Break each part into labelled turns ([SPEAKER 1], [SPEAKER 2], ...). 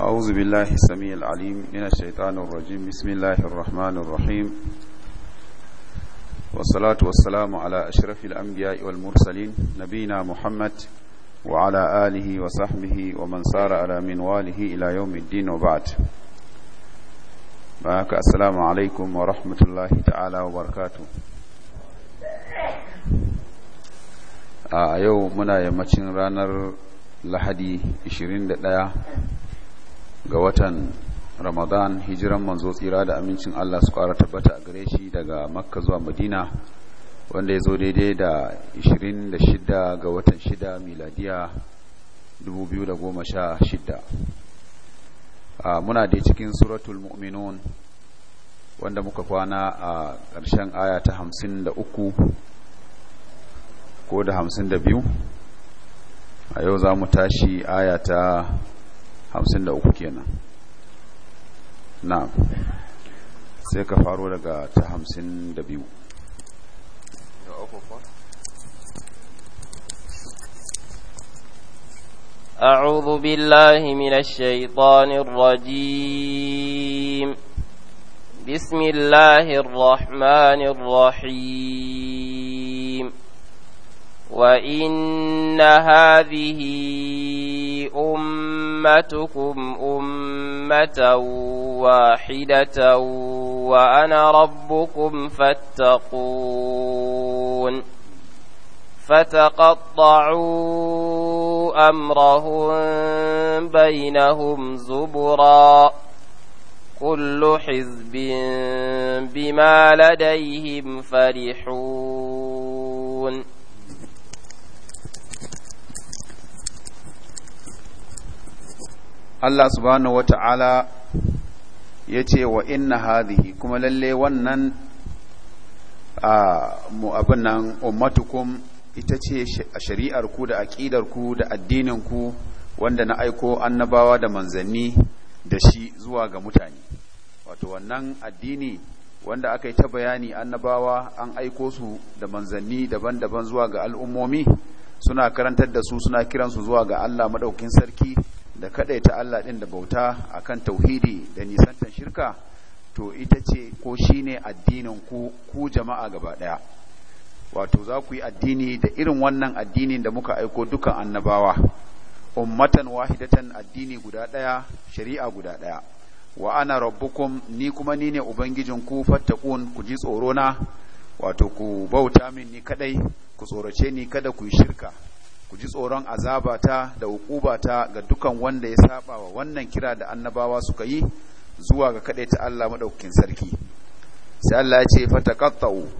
[SPEAKER 1] أعوذ بالله السميع العليم من الشيطان الرجيم بسم الله الرحمن الرحيم والصلاة والسلام على أشرف الأنبياء والمرسلين نبينا محمد وعلى آله وصحبه ومن سار على منواله إلى يوم الدين وبعد معك السلام عليكم ورحمة الله تعالى وبركاته a yau muna yammacin ranar lahadi 21 ga watan ramadan hijiran manzo tsira da amincin allah su ƙara tabbata a gare shi daga makka zuwa madina wanda ya zo daidai da 26 ga watan 6 miladiya 2016 muna da cikin suratul mu'minun wanda muka kwana a ƙarshen aya ta 53 ko da 52 a yau za mu tashi aya ta hamsin da uku kenan na sai ka faro daga ta hamsin da biyu da uku
[SPEAKER 2] أعوذ بالله من الشيطان الرجيم بسم الله الرحمن الرحيم وإن هذه أمتكم أمة واحدة وأنا ربكم فاتقون فتقطعوا أمرهم بينهم زبرا كل حزب بما لديهم فرحون
[SPEAKER 1] Allah subhanahu ta’ala ya ce wa inna hadihi kuma lalle wannan mu abin nan ummatukum ita ce shari'ar ku da aqidar ku da addinin ku wanda na aiko annabawa da manzanni da shi zuwa ga mutane wato wannan addini wanda aka yi ta bayani annabawa an aiko su da manzanni daban-daban zuwa ga al'ummomi suna karantar da su suna kiransu zuwa ga Allah madaukin sarki da kaɗai ta Allah ɗin da bauta akan tauhidi da nisantan shirka to ita ce ko shine addinin ku ku jama'a gaba daya wato za ku yi addini da irin wannan addinin da muka aiko dukan annabawa ummatan wahidatan addini guda ɗaya, shari'a guda ɗaya. wa ana rabbukum ni kuma ni ne ubangijinku fattaqun ku ji tsoro na wato ku bauta min ni kaɗai, ku tsorace ni kada ku yi shirka ku ji tsoron azabata da hukubata ga dukan wanda ya saba wa wannan kira da annabawa suka yi zuwa ga kaɗai ta Allah madaukakin sarki sai Allah ya ce fataqattau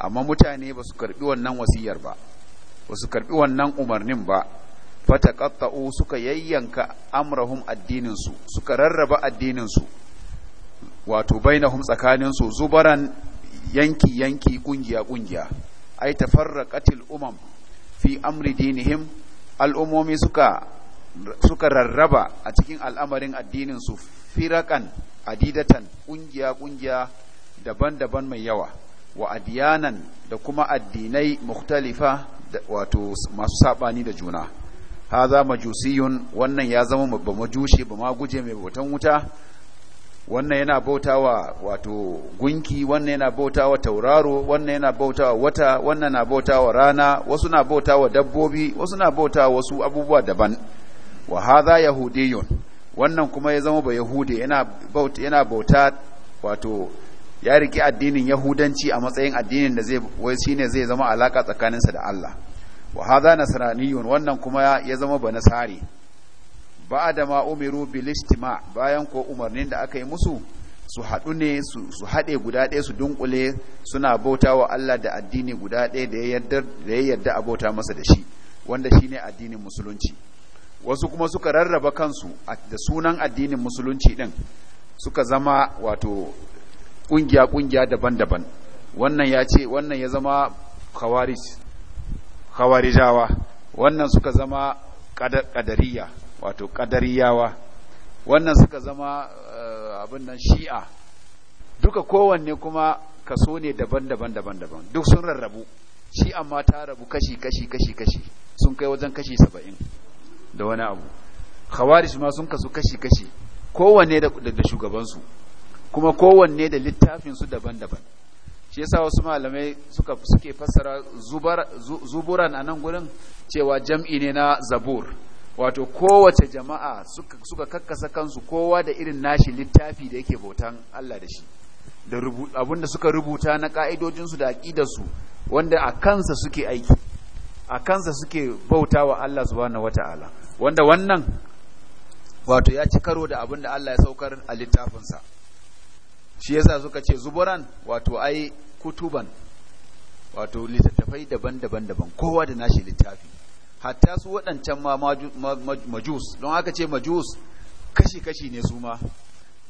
[SPEAKER 1] amma mutane ba su karbi wannan wasiyar ba ba su karbi wannan umarnin ba fataqattau suka yayyanka amrahum addinin suka rarraba addininsu wato bainahum tsakanin su zubaran yanki yanki ƙungiya-ƙungiya ai tafarraqatil umam fi amri dinihim al'ummomi suka suka rarraba a cikin al'amarin addininsu firakan adidatan ƙungiya ƙungiya daban-daban mai yawa wa adiyanan da kuma addinai muktalifa wato masu saɓani da juna haza majusiyun wannan ya zama ba majushi ba ma guje mai bautan wuta wannan yana bautawa wato gunki wannan yana bautawa tauraro wannan yana bautawa wata wannan na bautawa rana wasu na bautawa dabbobi wasu na bautawa wasu abubuwa daban wa hadha yahudiyun wannan kuma ya zama ba yahude yana bauta yana bauta wato ya riki addinin yahudanci a matsayin addinin da zai wai shine zai zama alaka tsakaninsa da Allah wa hadha nasraniyun wannan kuma ya zama ba nasari da ma umiru bil istima bayan ko umarnin da aka yi musu su haɗu ne su haɗe guda ɗaya su dunkule suna bauta wa Allah da addini guda ɗaya da ya yarda a bauta masa da shi wanda shi ne addinin musulunci wasu kuma suka rarraba kansu da sunan addinin musulunci din suka zama wato ƙungiya-ƙungiya daban-daban wannan ya ce wannan ya zama khawarijawa wannan suka zama kadariya. wato ƙadariyawa wannan suka zama eh, abin nan shi'a duka kowanne kuma kaso ne daban-daban daban-daban duk sun rarrabu shi'a ma ta rabu kashi-kashi kashi-kashi sun kai wajen kashi saba'in da wani abu khawarij ma sun kasu kashi-kashi kowanne da shugabansu kuma kowanne da littafinsu daban-daban shi yasa wasu malamai suka suke fassara zuburan a nan gurin cewa jam'i ne na zabur wato kowace jama'a suka, suka kakkasa kansu kowa da irin nashi littafi da yake bautan Allah da shi da abinda suka rubuta na ka'idojinsu da aƙidarsu wanda a kansa suke aiki a kansa suke bauta wa Allah subhanahu wata'ala wanda wannan wato ya ci karo da abinda Allah ya saukar a littafinsa shi yasa suka ce zuburan wato ai kutuban wato littattafai daban-daban daban kowa da nashi littafi hatta su waɗancan ma majus don aka ce majus kashi-kashi ne su ma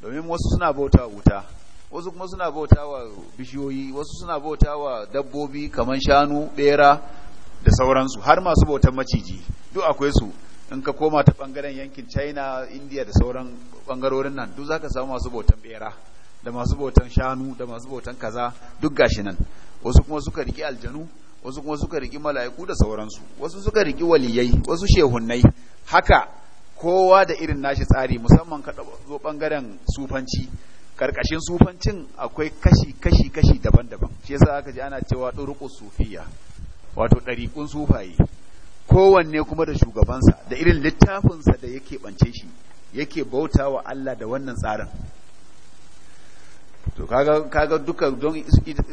[SPEAKER 1] domin wasu suna bauta wuta wasu kuma suna bauta wa bishiyoyi wasu suna bauta wa dabbobi kamar shanu bera da sauransu har masu bautan maciji duk akwai su in ka koma ta bangaren yankin china india da sauran bangarorin nan duk ka samu masu bautan bera da masu bautan shanu da masu bautan kaza duk gashi nan wasu kuma suka rike aljanu wasu kuma suka riki mala'iku da sauransu wasu suka riki waliyai wasu shehunnai haka kowa da irin nashi tsari musamman ka zo bangaren sufanci karkashin sufancin akwai kashi kashi kashi daban-daban shi yasa aka ji ana cewa ɗuruƙu sufiya wato ɗariƙun sufaye kowanne kuma da shugabansa da irin littafinsa da yake ɓance shi yake bauta wa Allah da wannan tsarin to kaga kaga duka don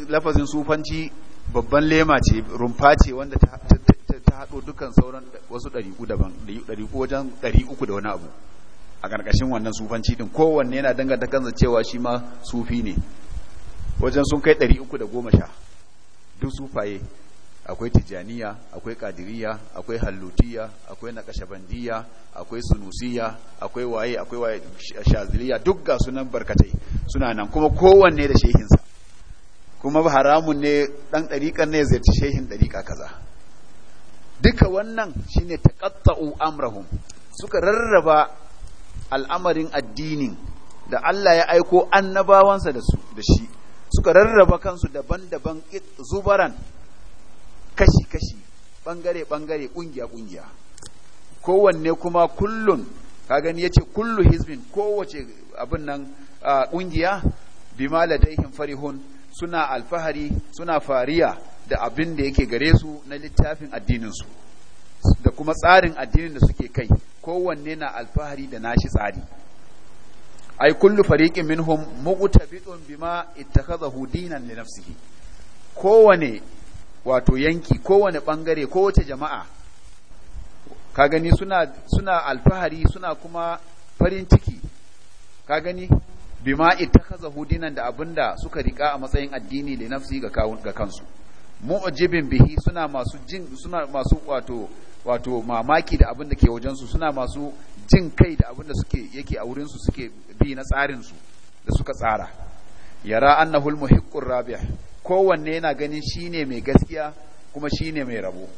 [SPEAKER 1] lafazin sufanci babban lema ce rumfa ce wanda ta haɗo dukkan sauran wasu ɗariƙu daban ɗariƙu wajen ɗariƙu da wani abu a ƙarƙashin wannan sufanci ɗin kowanne yana danganta kansa cewa shi ma sufi ne wajen sun kai ɗari uku da goma sha duk sufaye akwai tijaniya akwai kadiriya akwai hallutiya akwai naƙashabandiya akwai sunusiya akwai waye akwai waye shaziliya duk ga sunan barkatai suna nan kuma kowanne da shehinsa kuma haramun ne ɗan ɗariƙan ne zai ci shehin ɗariƙa kaza duka wannan shine taqatta'u amrahum suka rarraba al'amarin addinin da Allah ya aiko annabawansa da su da shi suka rarraba kansu daban-daban zubaran kashi-kashi bangare-bangare kungiya-kungiya kowanne kuma kullun ka gani yace kullu hizbin kowace abin nan kungiya bima ladaihim farihun suna alfahari suna fariya da abin da yake gare su na littafin addininsu da kuma tsarin addinin da suke kai kowanne na alfahari da nashi tsari ai kullu fariqin minhum muqtabidun bima ittakhadhahu dinan li nafsihi kowane wato yanki kowane bangare kowace jama'a ka gani suna suna alfahari suna kuma farin ciki ka gani bima ittakhazahu dinan da abinda suka rika a matsayin addini da nafsi ga kawun ga kansu mu'jibin bihi suna masu jin suna masu wato wato mamaki da abinda ke wajen su suna masu jin kai da abinda suke yake a wurin su suke bi na tsarin su da suka tsara yara annahu almuhiqqur ko kowanne yana ganin shine mai gaskiya kuma shine mai rabo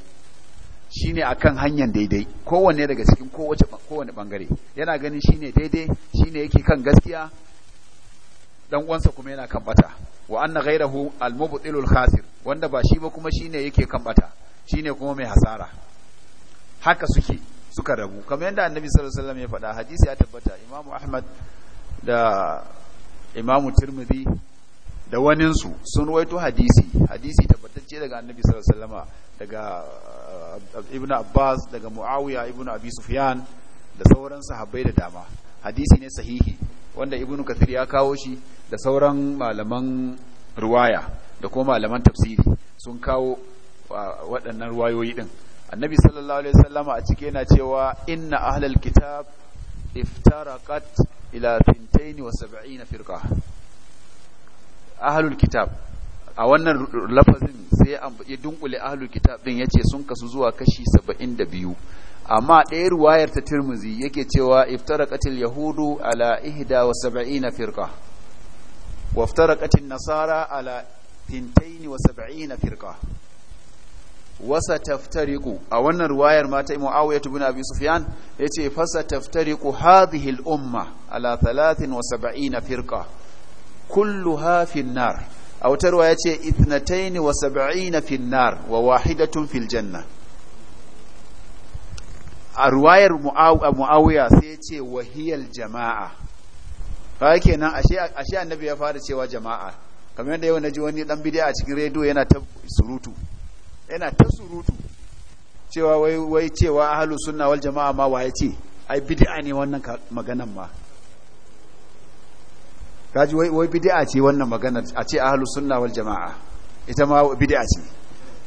[SPEAKER 1] shine akan hanyar daidai kowanne daga cikin kowace kowanne bangare yana ganin shine daidai shine yake kan gaskiya dan uwansa kuma yana kambata wa anna ghayrahu al-mubtilul khasir wanda ba shi ba kuma shine yake kambata shi shine kuma mai hasara haka suke suka rabu kamar yadda annabi sallallahu alaihi wasallam ya faɗa hadisi ya tabbata imamu ahmad da imamu tirmidhi da waninsu sun ruwaito hadisi hadisi tabbatacce daga annabi sallallahu alaihi daga uh, ibn abbas daga muawiya ibn abi sufyan da sauran sahabbai da dama hadisi ne sahihi wanda ibn kathir ya kawo shi da sauran malaman ruwaya da kuma malaman tafsiri sun kawo waɗannan ruwayoyi din annabi sallallahu alaihi wasallama a cike yana cewa inna ahlal kitab iftaraqat ila 72 firqa ahlul kitab a wannan lafazin sai ya dunkule ahlul kitab din yace sun kasu zuwa kashi 72 amma ɗaya ruwayar ta tirmizi yake cewa iftara iftaraqatil yahudu ala ihda wa sab'ina firka wa iftaraqatin nasara ala fintaini wa sab'ina firka wasa taftariku. a wannan ruwayar ma ta Muawiya ibn Sufiyan ya ce fasa taftariku hadhihi al-umma ala 73 firqa kulluha fi an-nar a wata ruwaya yace 72 fi an-nar wa wahidatun fil janna a ruwayar mu'awiya sai ya ce wahiyar jama'a yake kenan ashe annabi ya fara cewa jama'a kamar yadda yau na ji wani dan bidiya a cikin rediyo yana ta surutu yana ta surutu cewa wai wai cewa ahlus sunna wal jama'a ma waye ce ai bid'a ne wannan maganan ma kaji wai wai ce wannan magana a ce ahlus sunna wal jama'a ita ma bid'a ce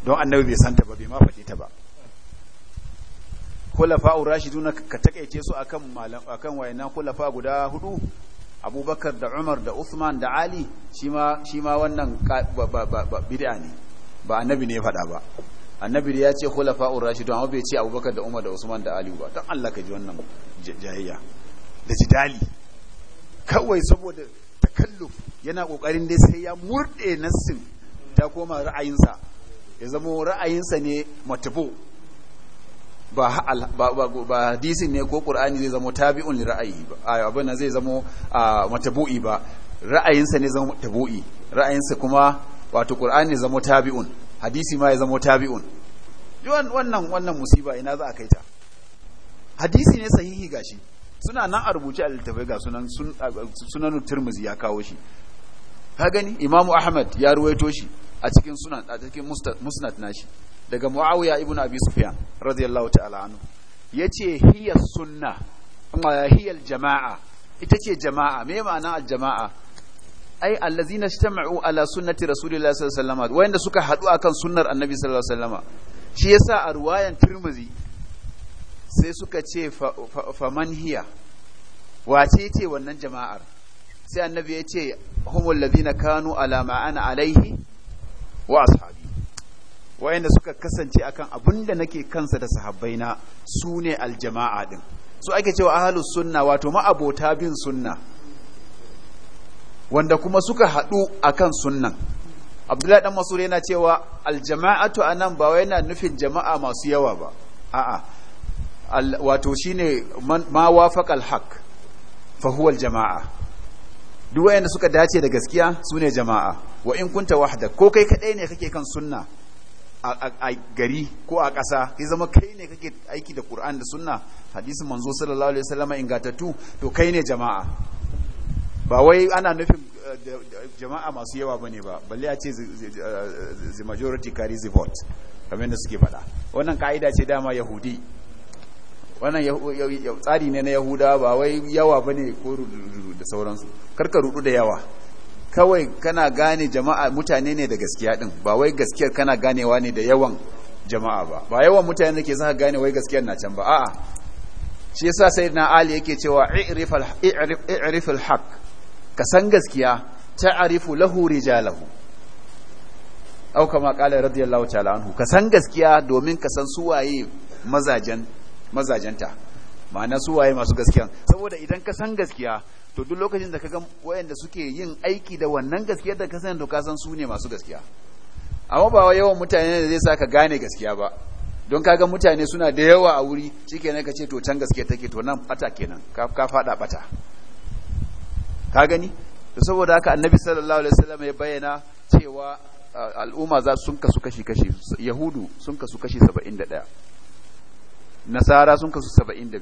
[SPEAKER 1] don annabi bai santa ba bai ma faɗi ta ba khulafa'ur rashiduna ka takeice su akan malam akan wayannan khulafa guda hudu Abubakar da Umar da usman da Ali shi ma wannan bid'a ne ba annabi ne faɗa ba annabi ya ce khulafa'ur rashidun amma bai ce Abubakar da Umar da usman da Ali ba dan Allah ka ji wannan jahiyya da jidali kawai saboda takalluf yana kokarin dai sai ya murde nassin ta koma ra'ayinsa ya zama ra'ayinsa ne matabu ba hadisin ne ko ƙur'ani zai zama tabi'un ra'ayi ba abin zai zama matabu'i ba ra'ayinsa ne zama matabu'i ra'ayinsa kuma wato ƙur'ani ne zama tabi'un hadisi ma ya zama tabi'un wannan wannan musiba ina za a kai ta hadisi ne sahihi ga gashi suna nan a rubuce a littafai ga sunan turmuzi ya kawo shi ka gani imamu ahmad ya ruwaito shi a cikin sunan a cikin musnad nashi daga muawiya ibn abi sufyan radiyallahu ta'ala anhu yace hiya sunna amma ya hiya jamaa ita ce jama'a me ma'ana al jama'a ai allazina ijtama'u ala sunnati rasulillahi sallallahu alaihi wasallam wanda suka hadu akan sunnar annabi sallallahu alaihi wasallam shi yasa a ruwayan tirmizi sai suka ce faman hiya wace ce wannan jama'ar sai annabi ya ce humul ladina kanu ala ma'ana alaihi wa ashabi wa'anda suka kasance akan abun da nake kansa da sahabbaina su ne aljama'a din su ake cewa ahalus sunna wato abota bin sunna wanda kuma suka haɗu akan sunnan abdullahi dan masud yana cewa aljama'atu nan ba wai yana nufin jama'a masu yawa ba a'a wato shine ma wafaqa alhaq fa huwa aljama'a duk wayanda suka dace da gaskiya su ne jama'a wa in kunta wahda ko kai kadai ne kake kan sunna a gari ko a ƙasa ya zama kai ne kake aiki da ƙur'an da sunna hadisun manzo sallallahu alaihi wasallama ingatattu to kai ne jama'a ba wai ana nufin eh, jama'a masu yawa bane ba balle a ce eh, the majority carries the vote kamar da suke faɗa wannan ka'ida ce dama yahudi wannan tsari ne na yahuda ba wai yawa bane ko da sauransu karka rudu da yawa kawai kana gane jama'a mutane ne da gaskiya din ba wai gaskiyar kana ganewa ne da yawan jama'a ba ba yawan mutane ne ke zaka gane wai gaskiyar na can ba a'a shi yasa sayyidina ali yake cewa i'rif al-haq ka san gaskiya ta'rifu lahu rijalahu au kama qala radiyallahu ta'ala anhu ka san gaskiya domin ka san suwaye mazajen mazajenta ma'ana suwaye masu gaskiya saboda idan ka san gaskiya to duk lokacin da kaga wayanda suke yin aiki da wannan gaskiya da ka sani to ka san su ne masu gaskiya amma ba yawan mutane ne zai sa ka gane gaskiya ba don kaga mutane suna da yawa a wuri shikenan ka ce to can gaskiya take to nan bata kenan ka ka fada bata ka gani to saboda haka annabi sallallahu alaihi wasallam ya bayyana cewa al'umma za sun kasu kashi kashi yahudu sun kasu kashi 71 nasara sun kasu 72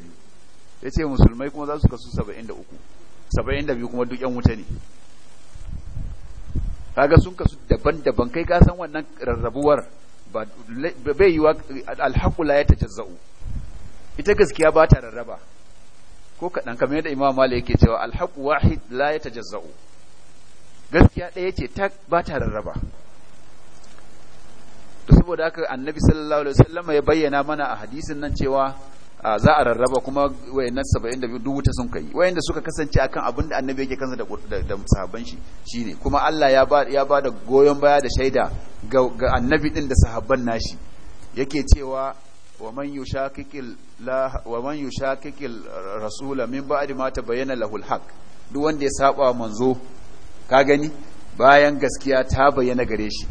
[SPEAKER 1] yace musulmai kuma za su kasu 73 saba'in da biyu kuma duk yan wuta ne kaga sun kasu daban-daban kai ka san wannan rarrabuwar ba bai yiwa alhakula ya ta ita gaskiya ba ta rarraba ko kaɗan kamar yadda imam malik yake cewa alhaku wahid la yatajazza'u gaskiya ɗaya ce ta ba ta rarraba to saboda haka annabi sallallahu alaihi wasallam ya bayyana mana a hadisin nan cewa za a rarraba kuma wayannan da duk wuta sun kai wayanda suka kasance akan abin da annabi yake kansa da da sahabban shi shine kuma Allah ya ba ya ba da goyon baya da shaida ga annabi din da sahabban nashi yake cewa wa man yushakikil la wa man yushakikil rasul min ba'di ma tabayyana lahul haqq duk wanda ya saba manzo ka gani bayan gaskiya ta bayyana gare shi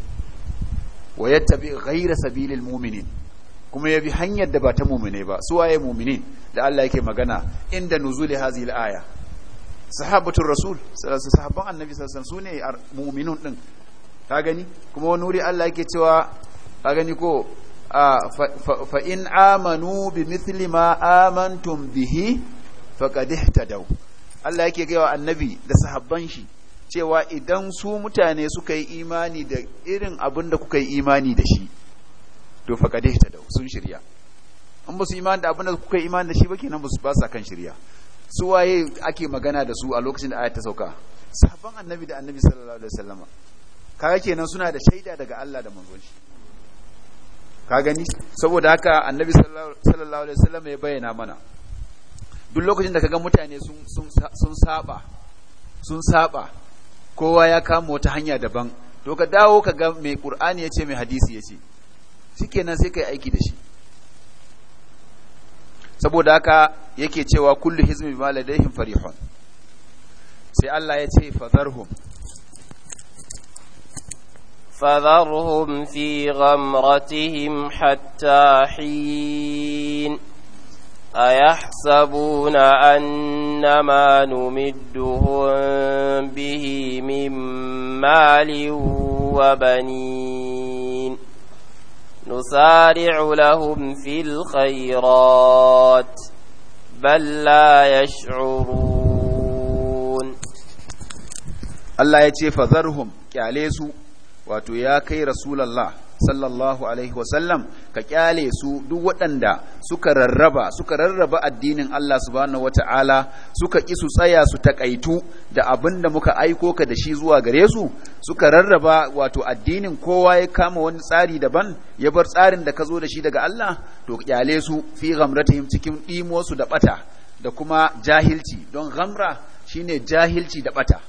[SPEAKER 1] wa yattabi ghayra sabilil mu'minin kuma ya bi hanyar da ba ta mumine ba su waye muminin da Allah yake magana inda nuzuli hazil aya sahabatul rasul sahabban annabi sallallahu su ne muminun din ka gani kuma wani wuri Allah yake cewa ka gani ko fa in amanu bi mithli ma amantum bihi faqad ihtadaw Allah yake gaya wa annabi da sahabban shi cewa idan su mutane suka yi imani da irin abin da kuka yi imani da shi to ta da sun shirya an ba su imani da abin da kuka imani da shi ba kenan ba sa kan shirya su waye ake magana da su a lokacin da ayat sauka sabon annabi da annabi sallallahu alaihi wasallam kaga kenan suna da shaida daga Allah da manzon shi ka gani saboda haka annabi sallallahu alaihi wasallam ya bayyana mana duk lokacin da kaga mutane sun sun sun saba sun saba kowa ya kama wata hanya daban to ka dawo ka ga mai qur'ani yace mai hadisi yace shikenan sai kai aiki da shi saboda haka yake cewa kullu
[SPEAKER 2] hizmi bima ladaihim farihun sai Allah ya ce fadharhum فذرهم في غمرتهم حتى حين أيحسبون أن ما نمدهم به من مال وبنين نسارع لهم في الخيرات بل لا يشعرون الله يتي فذرهم
[SPEAKER 1] كعليسو wato ya kai rasulallah sallallahu alaihi wasallam ka kyale su duk waɗanda suka rarraba suka rarraba addinin Allah subhanahu wata'ala suka ki su tsaya su takaitu da abin da muka aiko ka da shi zuwa gare su suka rarraba wato addinin kowa ya kama wani tsari daban ya bar tsarin da ka zo da shi daga Allah to kyale su fi ghamratihim cikin ɗimosu su da bata da kuma jahilci don ghamra shine jahilci da bata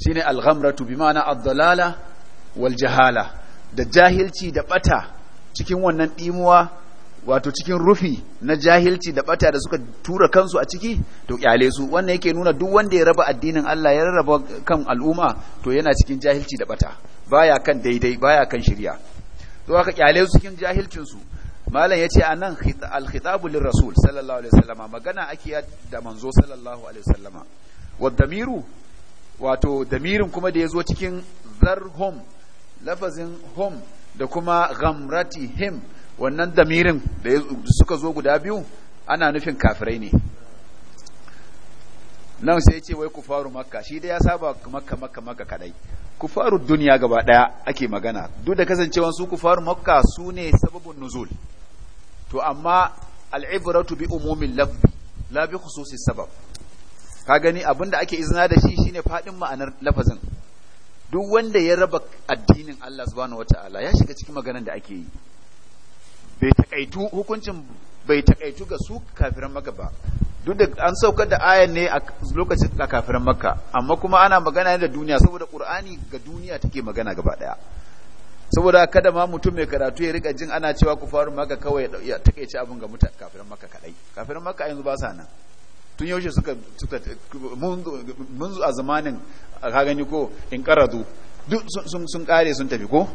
[SPEAKER 1] shine al-ghamratu bi ma'ana ad-dalala wal jahala da jahilci da bata cikin wannan dimuwa wato cikin rufi na jahilci da bata da suka tura kansu a ciki to kyale su wannan yake nuna duk wanda ya raba addinin Allah ya raba kan al'umma to yana cikin jahilci da bata baya kan daidai baya kan shirya to aka kyale su cikin jahilcin su malam yace anan al-khitabu lirrasul sallallahu alaihi wasallama magana ake da manzo sallallahu alaihi wasallama wa damiru wato damirin kuma da yazo cikin zarhum lafazin hum da kuma him wannan damirin da suka zo guda biyu ana nufin kafirai ne nan sai ya ce wai kufaru makka shi da ya saba makka makka makka kadai kufaru duniya gaba daya ake magana duk da kasancewan su kufaru makka su ne sababin nuzul to amma al'ibratu bi umumin lafzi la bi khususi sabab ka gani abinda ake izina da shi shine fadin ma'anar lafazin duk wanda ya raba addinin Allah subhanahu wata'ala ya shiga cikin maganar da ake yi bai takaitu hukuncin bai takaitu ga su kafiran maka ba duk da an saukar da ayan ne a lokacin da kafiran makka amma kuma ana magana da duniya saboda qur'ani ga duniya take magana gaba daya saboda kada ma mutum mai karatu ya rika jin ana cewa ku faru maka kawai ya takaice abin ga mutan kafiran makka kadai kafiran makka yanzu ba sa nan tun yaushe suka suka mun a zamanin ka gani ko in karadu duk sun sun kare sun tafi ko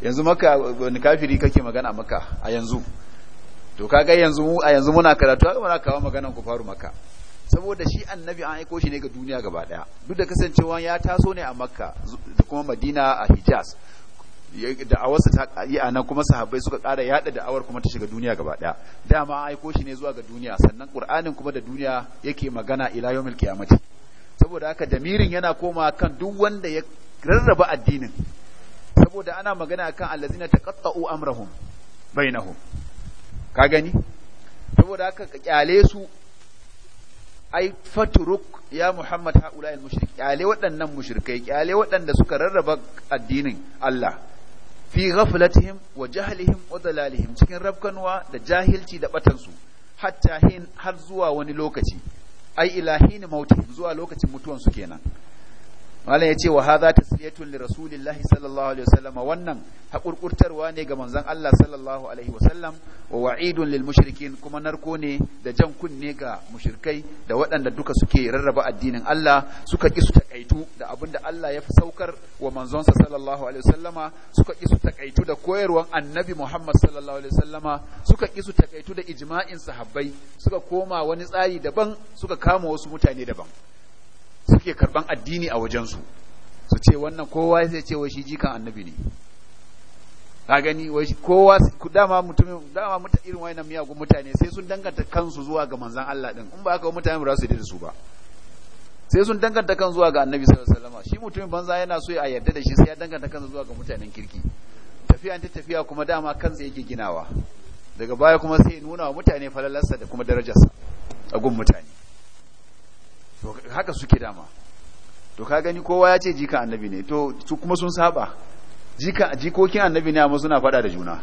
[SPEAKER 1] yanzu maka wani kafiri kake magana maka a yanzu to kaga yanzu mu a yanzu muna karatu kaga muna kawo maganan ku faru maka saboda shi annabi an aiko shi ne ga duniya gaba daya duk da kasancewa ya taso ne a makka da kuma madina a hijaz da'awarsa ta yi a nan kuma sahabbai suka kara yada da'awar kuma ta shiga duniya gaba ɗaya dama aiko shi ne zuwa ga duniya sannan ƙur'anin kuma da duniya yake magana ila yawmil qiyamati saboda haka damirin yana koma kan duk wanda ya rarraba addinin saboda ana magana kan allazina taqatta'u amrahum bainahum ka gani saboda haka ka kyale su ai faturuk ya Muhammad haula al mushrik kyale waɗannan mushrikai kyale waɗanda suka rarraba addinin Allah fi ghaflatihim wa jahlihim wa dalalihim cikin rabkanwa da jahilci da batansu hatta hin har zuwa wani lokaci ai ilahin mautihim zuwa lokacin mutuwan su kenan malam yace wa hadha tasliyatun li rasulillahi sallallahu alaihi wasallam wannan haƙurƙurtarwa ne ga manzon Allah sallallahu alaihi wasallam wa wa'idun lil mushrikin kuma narko ne da jan kunne ga mushrikai da waɗanda duka suke rarraba addinin Allah suka ki su takaitu da abinda Allah ya fi saukar wa manzonsa sallallahu alaihi wasallama suka ki su takaitu da koyarwan annabi Muhammad sallallahu alaihi wasallama suka ki su takaitu da ijma'in sahabbai suka koma wani tsari daban suka kama wasu mutane daban suke karban addini a wajensu su ce wannan kowa zai ce wai shi jikan annabi ne ka gani wai kowa dama mutumin dama muta irin wayannan miyagun mutane sai sun danganta kansu zuwa ga manzon Allah din in ba haka mutane ba su yi da su ba sai sun danganta kan zuwa ga annabi sallallahu alaihi wasallam shi mutumin banza yana so ya yarda da shi sai ya danganta kansa zuwa ga mutanen kirki tafiya ta tafiya kuma dama kansa yake ginawa daga baya kuma sai nuna wa mutane falalarsa da kuma darajarsa a gun mutane to haka suke dama to ka gani kowa ya ce jika annabi ne to su kuma sun saba jika jikokin annabi ne amma suna fada da juna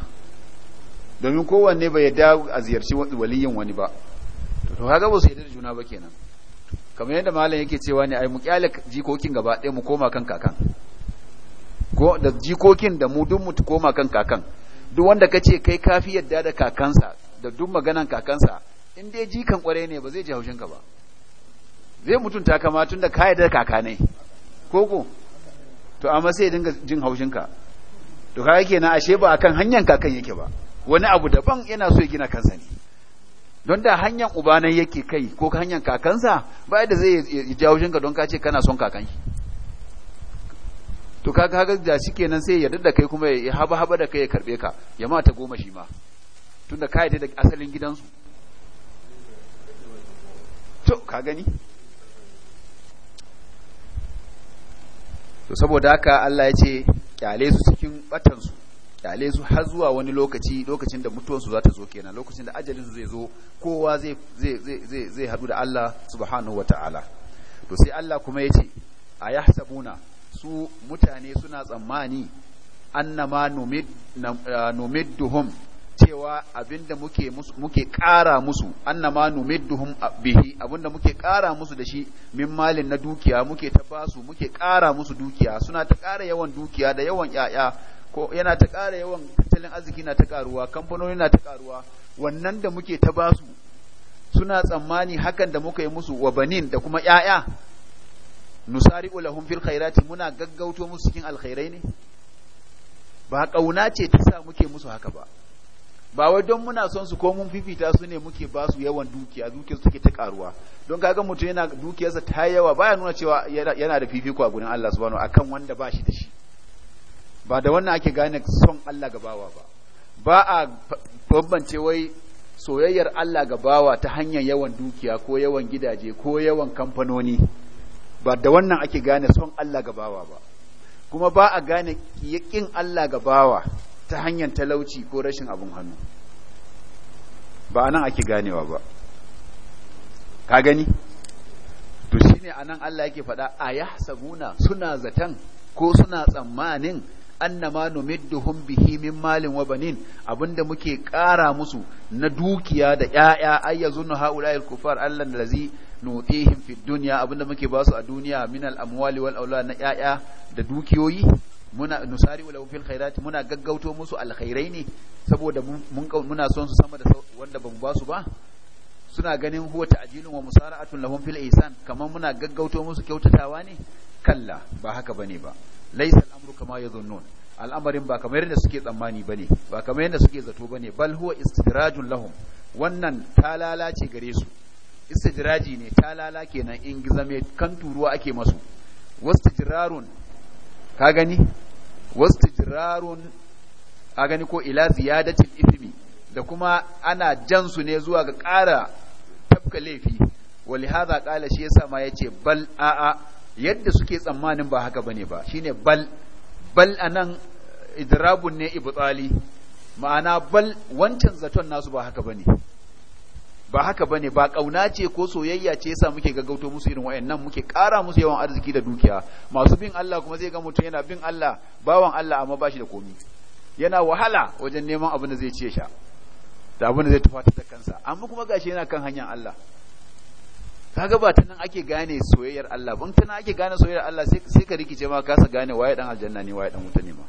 [SPEAKER 1] domin kowanne bai yadda a ziyarci waliyin wani ba to kaga ba su yadda juna ba kenan kamar yadda malam yake cewa ne ai mu kyale jikokin gaba ɗaya mu koma kan kakan ko da jikokin da mu duk mu koma kan kakan duk wanda kace kai kafi yadda da kakansa da duk maganan kakansa in dai jikan kware ne ba zai ji haushin ka ba zai mutunta kama tun da kayi da kakanai koko to amma sai dinga jin haushinka to kaga kenan ashe ba akan hanyar kakan yake ba wani abu daban yana so ya gina kansa ne don da hanyar ubanan yake kai ko hanyar kakansa ba da zai ji haushinka don ka ce kana son kakan shi to kaga ga da shi kenan sai ya dadda kai kuma ya haba haba da kai ya karbe ka ya mata goma shi ma tunda ka da asalin gidansu to ka gani to saboda haka Allah ya ce kyale su cikin batansu su kyale su har zuwa wani lokaci lokacin da mutuwar su za ta zo kenan lokacin da ajalin su zai zo kowa zai zai zai hadu da Allah subhanahu wataala to sai Allah kuma ya ce a yahsabuna su mutane suna tsammani annama eh, numidduhum cewa abinda muke muke ƙara musu annama numidduhum bihi abinda muke ƙara musu da shi min malin na dukiya muke ta basu muke ƙara musu dukiya suna ta ƙara yawan dukiya da yawan ƴaƴa ko yana ta ƙara yawan tattalin arziki na ta ƙaruwa kamfanoni na ta ƙaruwa wannan da muke ta basu suna tsammani hakan da muka yi musu wa banin da kuma ƴaƴa nusari'u lahum fil khairati muna gaggauto musu cikin alkhairai ne ba kauna ce ta sa muke musu haka ba ba wai don muna son su ko mun fifita su ne muke ba su yawan dukiya dukiyar su take ta karuwa don kaga mutum yana dukiyarsa ta yawa baya nuna cewa yana da fifiko a gurin Allah subhanahu akan wanda ba shi da shi ba da wannan ake gane son Allah ga bawa ba ba a bambance wai soyayyar Allah ga bawa ta hanyar yawan dukiya ko yawan gidaje ko yawan kamfanoni ba da wannan ake gane son Allah ga bawa ba kuma ba a gane yakin Allah ga bawa ta hanyar talauci ko rashin abin hannu ba a nan ake ganewa ba ka gani to a anan Allah yake faɗa a sabuna suna zaton ko suna tsammanin annama numidduhum bihi min malin wa banin abinda muke ƙara musu na dukiya da ƴaƴa ay yazunnu haula'il kufar allan allazi nutihim fid dunya abinda muke basu a duniya min al amwali wal na ƴaƴa da dukiyoyi muna nusari lahu fil khairati muna gaggauto musu alkhairai ne saboda mun muna son su sama da wanda bamu ba su ba suna ganin huwa ta'jilun wa musara'atun lahum fil ihsan kaman muna gaggauto musu kyautatawa ne kalla ba haka bane ba laysa al kama yadhunnun al'amarin ba kamar yadda suke tsammani bane ba kamar yadda suke zato bane bal huwa istidrajun lahum wannan ta lalace gare su istidraji ne ta lala kenan in gizame kan turuwa ake masu wastidrarun ka gani wastijrarun a gani ko ila ziyadatil ithmi da kuma ana jan su ne zuwa ga ƙara tafka laifi walihaza ƙala shi yasa ma yace bal a'a yadda suke tsammanin ba haka bane ba shine bal bal anan idrabun ne ibtali ma'ana bal wancan zaton nasu ba haka bane ba haka bane ba kauna ce ko soyayya ce yasa muke gaggauto musu irin wayannan muke ƙara musu yawan arziki da dukiya masu bin Allah kuma zai ga mutum yana bin Allah bawan Allah amma bashi da komi yana wahala wajen neman abin da zai ce sha da abin da zai tufa ta kansa amma kuma gashi yana kan hanyar Allah kaga ba ta nan ake gane soyayyar Allah ban ta ake gane soyayyar Allah sai ka rikice ma kasa gane waye dan aljanna ne waye dan wuta ne ma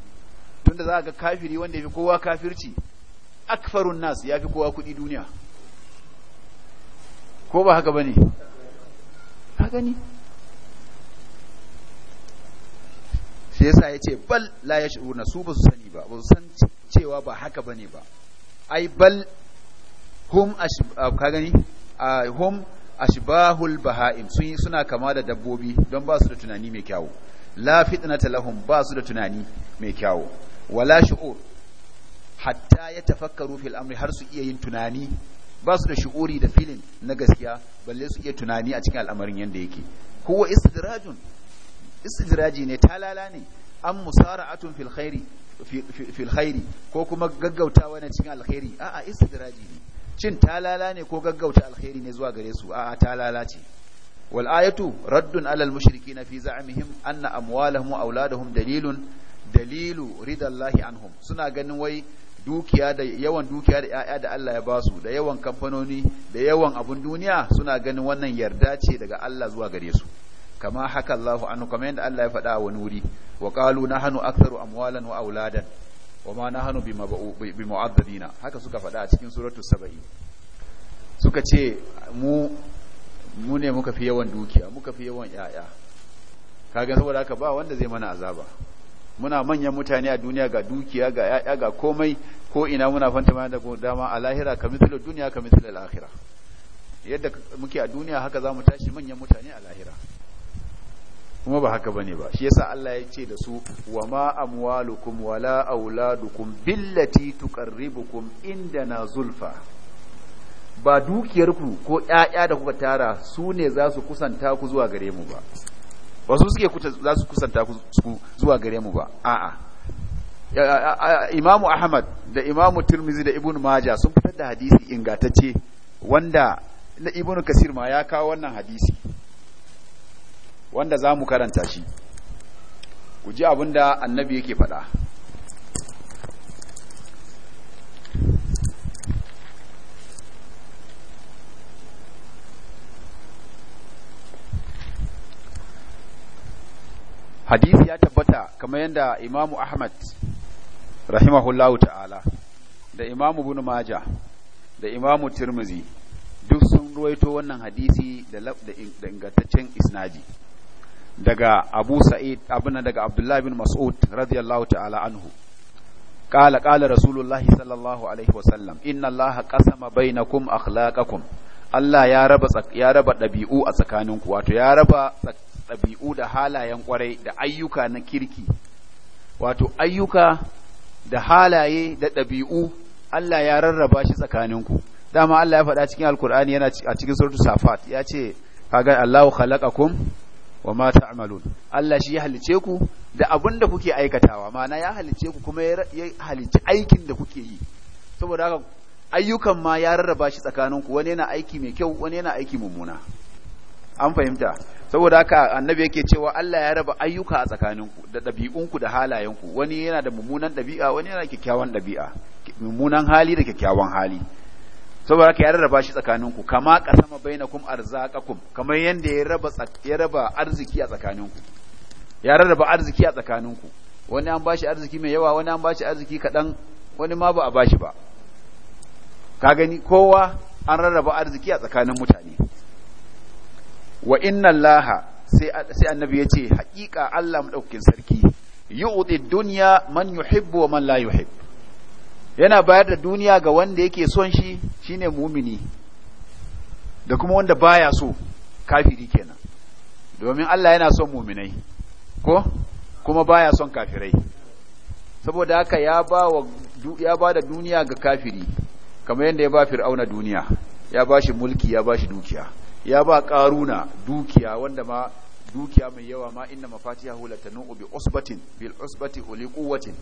[SPEAKER 1] tunda za ga kafiri wanda yafi kowa kafirci akfarun nas yafi kowa kudi duniya ko ba haka bane ka gani shi yasa yace bal la yash'uruna su ba su sani ba ba su san cewa ba haka bane ba ai bal hum ka gani hum ashbahul baha'im sun suna kama da dabbobi don ba su da tunani mai kyawu la fitnata lahum ba su da tunani mai kyau. wala shu'ur hatta yatafakkaru fil amri har su iya yin tunani ba su da shu'uri da filin na gaskiya balle su iya tunani a cikin al'amarin yadda yake huwa istidrajun istidraji ne talala ne an musara'atun fil khairi fil khairi ko kuma gaggautawa na cikin alkhairi a'a istidraji ne cin talala ne ko gaggauta alkhairi ne zuwa gare su a'a talala ce wal ayatu raddun alal mushrikina fi za'mihim anna amwalahum wa auladahum dalilun dalilu ridallahi anhum suna ganin wai dukiya da yawan dukiya da ƴaƴa da Allah ya basu da yawan kamfanoni da yawan abun duniya suna ganin wannan yarda ce daga Allah zuwa gare su kama haka Allahu anhu kamar yadda Allah ya faɗa wa Nuri wuri wa qalu nahnu aktharu amwalan wa auladan wa ma nahnu bimu'addadina haka suka faɗa a cikin suratu sabai suka ce mu mu ne muka fi yawan dukiya muka fi yawan ƴaƴa kaga saboda haka ba wanda zai mana azaba muna manyan mutane a duniya ga dukiya ga ya'ya ga komai ko ina muna fanta mai da dama a lahira ka mithlu duniya ka mithlu lahira yadda muke a duniya haka zamu tashi manyan mutane a lahira kuma ba haka bane ba shi yasa Allah ya ce da su ma amwalukum wala auladukum billati tuqarribukum indana zulfa ba dukiyarku ko ƴaƴa da kuka tara su ne za su kusanta ku zuwa gare mu ba ba su suke za su kusanta ku zuwa gare mu ba a'a imamu ahmad da imamu tirmizi da ibnu maja sun fitar da hadisi ingatacce wanda na ibnu kasir ma ya kawo wannan hadisi wanda za mu karanta shi ku ji abin da annabi yake faɗa hadisi ya tabbata kamar yadda imamu ahmad rahimahullahu ta'ala da imamu bin maja da imamu tirmizi duk sun ruwaito wannan hadisi da ingantaccen isnadi daga abu sa'id abinan daga abdullahi bin mas'ud radiyallahu ta'ala anhu ƙala قال sallallahu الله صلى الله inna وسلم إن الله قسم Allah ya raba ɗabi'u a tsakaninku wato ya raba ɗabi'u da halayen ƙwarai da ayyuka na kirki wato ayyuka da halaye da ɗabi'u Allah ya rarraba shi tsakaninku dama Allah ya faɗa cikin alkur'ani yana a cikin suratul safat ya ce kaga Allahu khalaqakum wa ma ta'malun Allah shi ya halice ku da abin da kuke aikatawa ma'ana ya halice ku kuma ya halice aikin da kuke yi saboda haka ayyukan ma ya rarraba shi tsakaninku wani yana aiki mai kyau wani yana aiki mummuna an fahimta saboda haka annabi yake cewa Allah ya raba ayyuka a tsakaninku da ɗabi'unku da halayenku wani yana da mummunan ɗabi'a wani yana kyakkyawan ɗabi'a mummunan hali da kyakkyawan hali saboda haka ya rarraba shi tsakaninku kama qasama bainakum arzaqakum kamar yanda ya raba ya raba arziki a tsakaninku ya rarraba arziki a tsakaninku wani an bashi arziki mai yawa wani an bashi arziki kaɗan wani ma ba a bashi ba ka gani kowa an rarraba arziki a tsakanin mutane wa inna allaha sai annabi ya ce haƙiƙa allah maɗaukin sarki yu'ti dunya man yuhibbu wa man la yuhib yana bayar da duniya ga wanda yake son shi shine mumini da kuma wanda baya so kafiri kenan domin Allah yana son muminai ko kuma baya son kafirai saboda haka ya ba wa ya ba da duniya ga kafiri kamar yadda ya ba fir'auna duniya ya ba shi mulki ya ba shi dukiya ya ba karuna dukiya wanda ma dukiya mai yawa ma inna mafatihahu latanu bi usbatin bil usbati uli quwwatin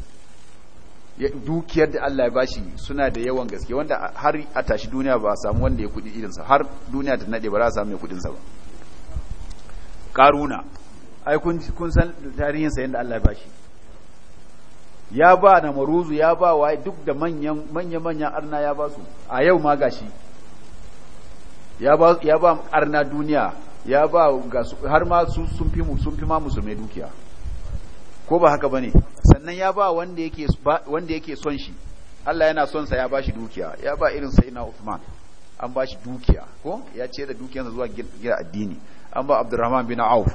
[SPEAKER 1] dukiyar da Allah ya bashi suna da yawan gaske wanda har a tashi duniya ba a samu wanda ya kudi irinsa har duniya ta nade ba za a samu mai sa ba karuna ai kun san tarihinsa yanda Allah ya bashi ya ba na maruzu ya ba wa duk da manyan manya-manyan arna ya ba su a yau ma gashi ya ba ya ba arna duniya ya ba ga har ma su sun fi sun fi ma musulmi dukiya ko ba haka bane sannan ya ba wanda yake wanda yake son shi Allah yana son sa ya ba shi dukiya ya ba irin sayyidina Uthman an ba shi dukiya ko ya ce da dukiyarsa zuwa gida addini an ba Abdurrahman bin Auf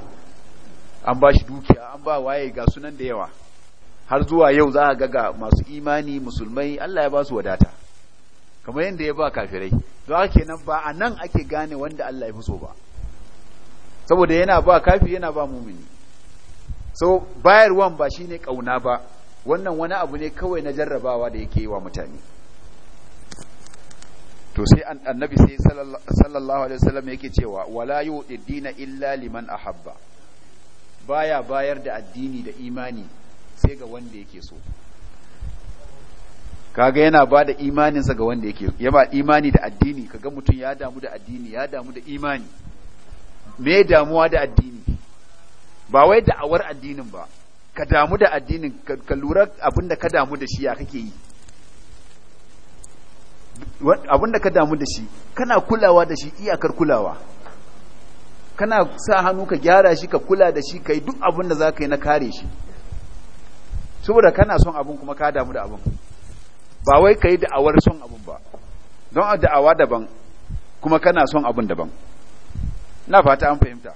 [SPEAKER 1] an ba shi dukiya an ba waye ga sunan da yawa har zuwa yau za a ga masu imani musulmai Allah ya ba su wadata kamar yadda ya ba kafirai don haka kenan ba a nan ake gane wanda Allah ya fi so ba saboda yana ba kafi yana ba mumini so bayarwan ba shine kauna ba wannan wani abu ne kawai na jarrabawa da yake yi wa mutane to sai annabi sai sallallahu alaihi wasallam yake cewa wala yu'ti dina illa liman ahabba baya bayar da addini da imani sai ga wanda yake so kaga yana ba da imaninsa ga wanda yake yaba imani da addini kaga mutum ya damu da addini ya damu da imani me damuwa da addini ba wai da'awar addinin ba ka damu da addinin ka lura abinda ka damu da shi ya kake yi abinda ka damu da shi kana kulawa da shi iyakar kulawa kana sa hannu ka gyara shi ka kula da shi ka yi duk abin da za ka yi na kare shi saboda kana son abin kuma ka damu da abin ba wai ka yi da'awar son abun ba don a da'awa daban kuma kana son abun daban na fata an fahimta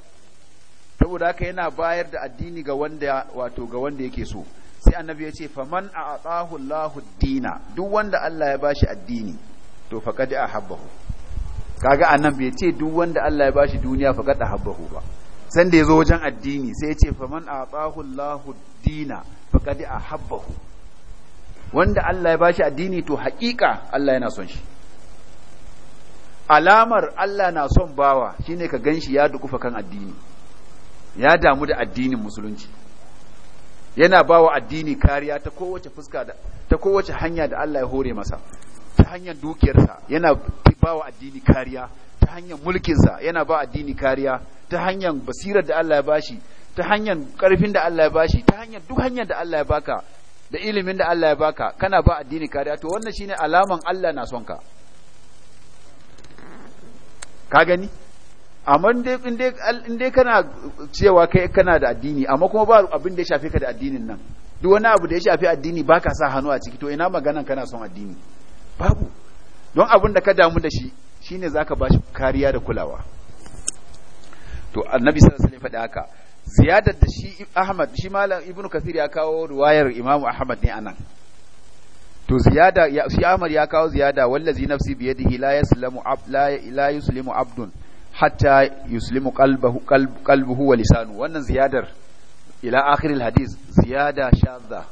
[SPEAKER 1] saboda haka yana bayar da addini ga wanda wato ga wanda yake so sai annabi ya ce faman a'tahu Allahu dina duk wanda Allah ya bashi addini to faqad ahabbahu kaga annabi bai ce duk wanda Allah ya bashi duniya faqad ahabbahu ba san da yazo wajen addini sai ya ce faman a'tahu Allahu dina faqad ahabbahu wanda Allah ya bashi addini to haƙiƙa Allah yana son shi alamar Allah na son bawa shine ka ganshi ya dukufa kan addini ya damu da addinin musulunci yana bawa addini kariya ta kowace fuska da ta kowace hanya da Allah ya hore masa ta hanyar dukiyarsa yana bawa addini kariya ta hanyar mulkinsa yana ba addini kariya ta hanyar basirar da Allah ya bashi ta hanyar karfin da Allah ya bashi ta hanyar duk hanyar da Allah ya baka da ilimin da Allah ya baka kana ba addini kariya to wannan shine alaman Allah na son ka ka gani amma in dai kana cewa kai kana da addini amma kuma ba abin da ya shafe ka da addinin nan duk wani abu da ya shafi addini baka sa hannu a ciki to ina maganan kana son addini babu don abin da ka damu da shi shine zaka bashi kariya da kulawa to annabi sallallahu alaihi wasallam faɗi haka ziyadar da shi Ahmad shi malam Ibn Kathir ya kawo riwayar Imam Ahmad ne anan to ziyada ya shi Ahmad ya kawo ziyada wallazi nafsi bi yadihi la yaslamu ab la, la yuslimu abdun hatta yuslimu qalbahu qalb, qalbuhu wa lisanu wannan ziyadar ila akhiril hadith ziyada shadda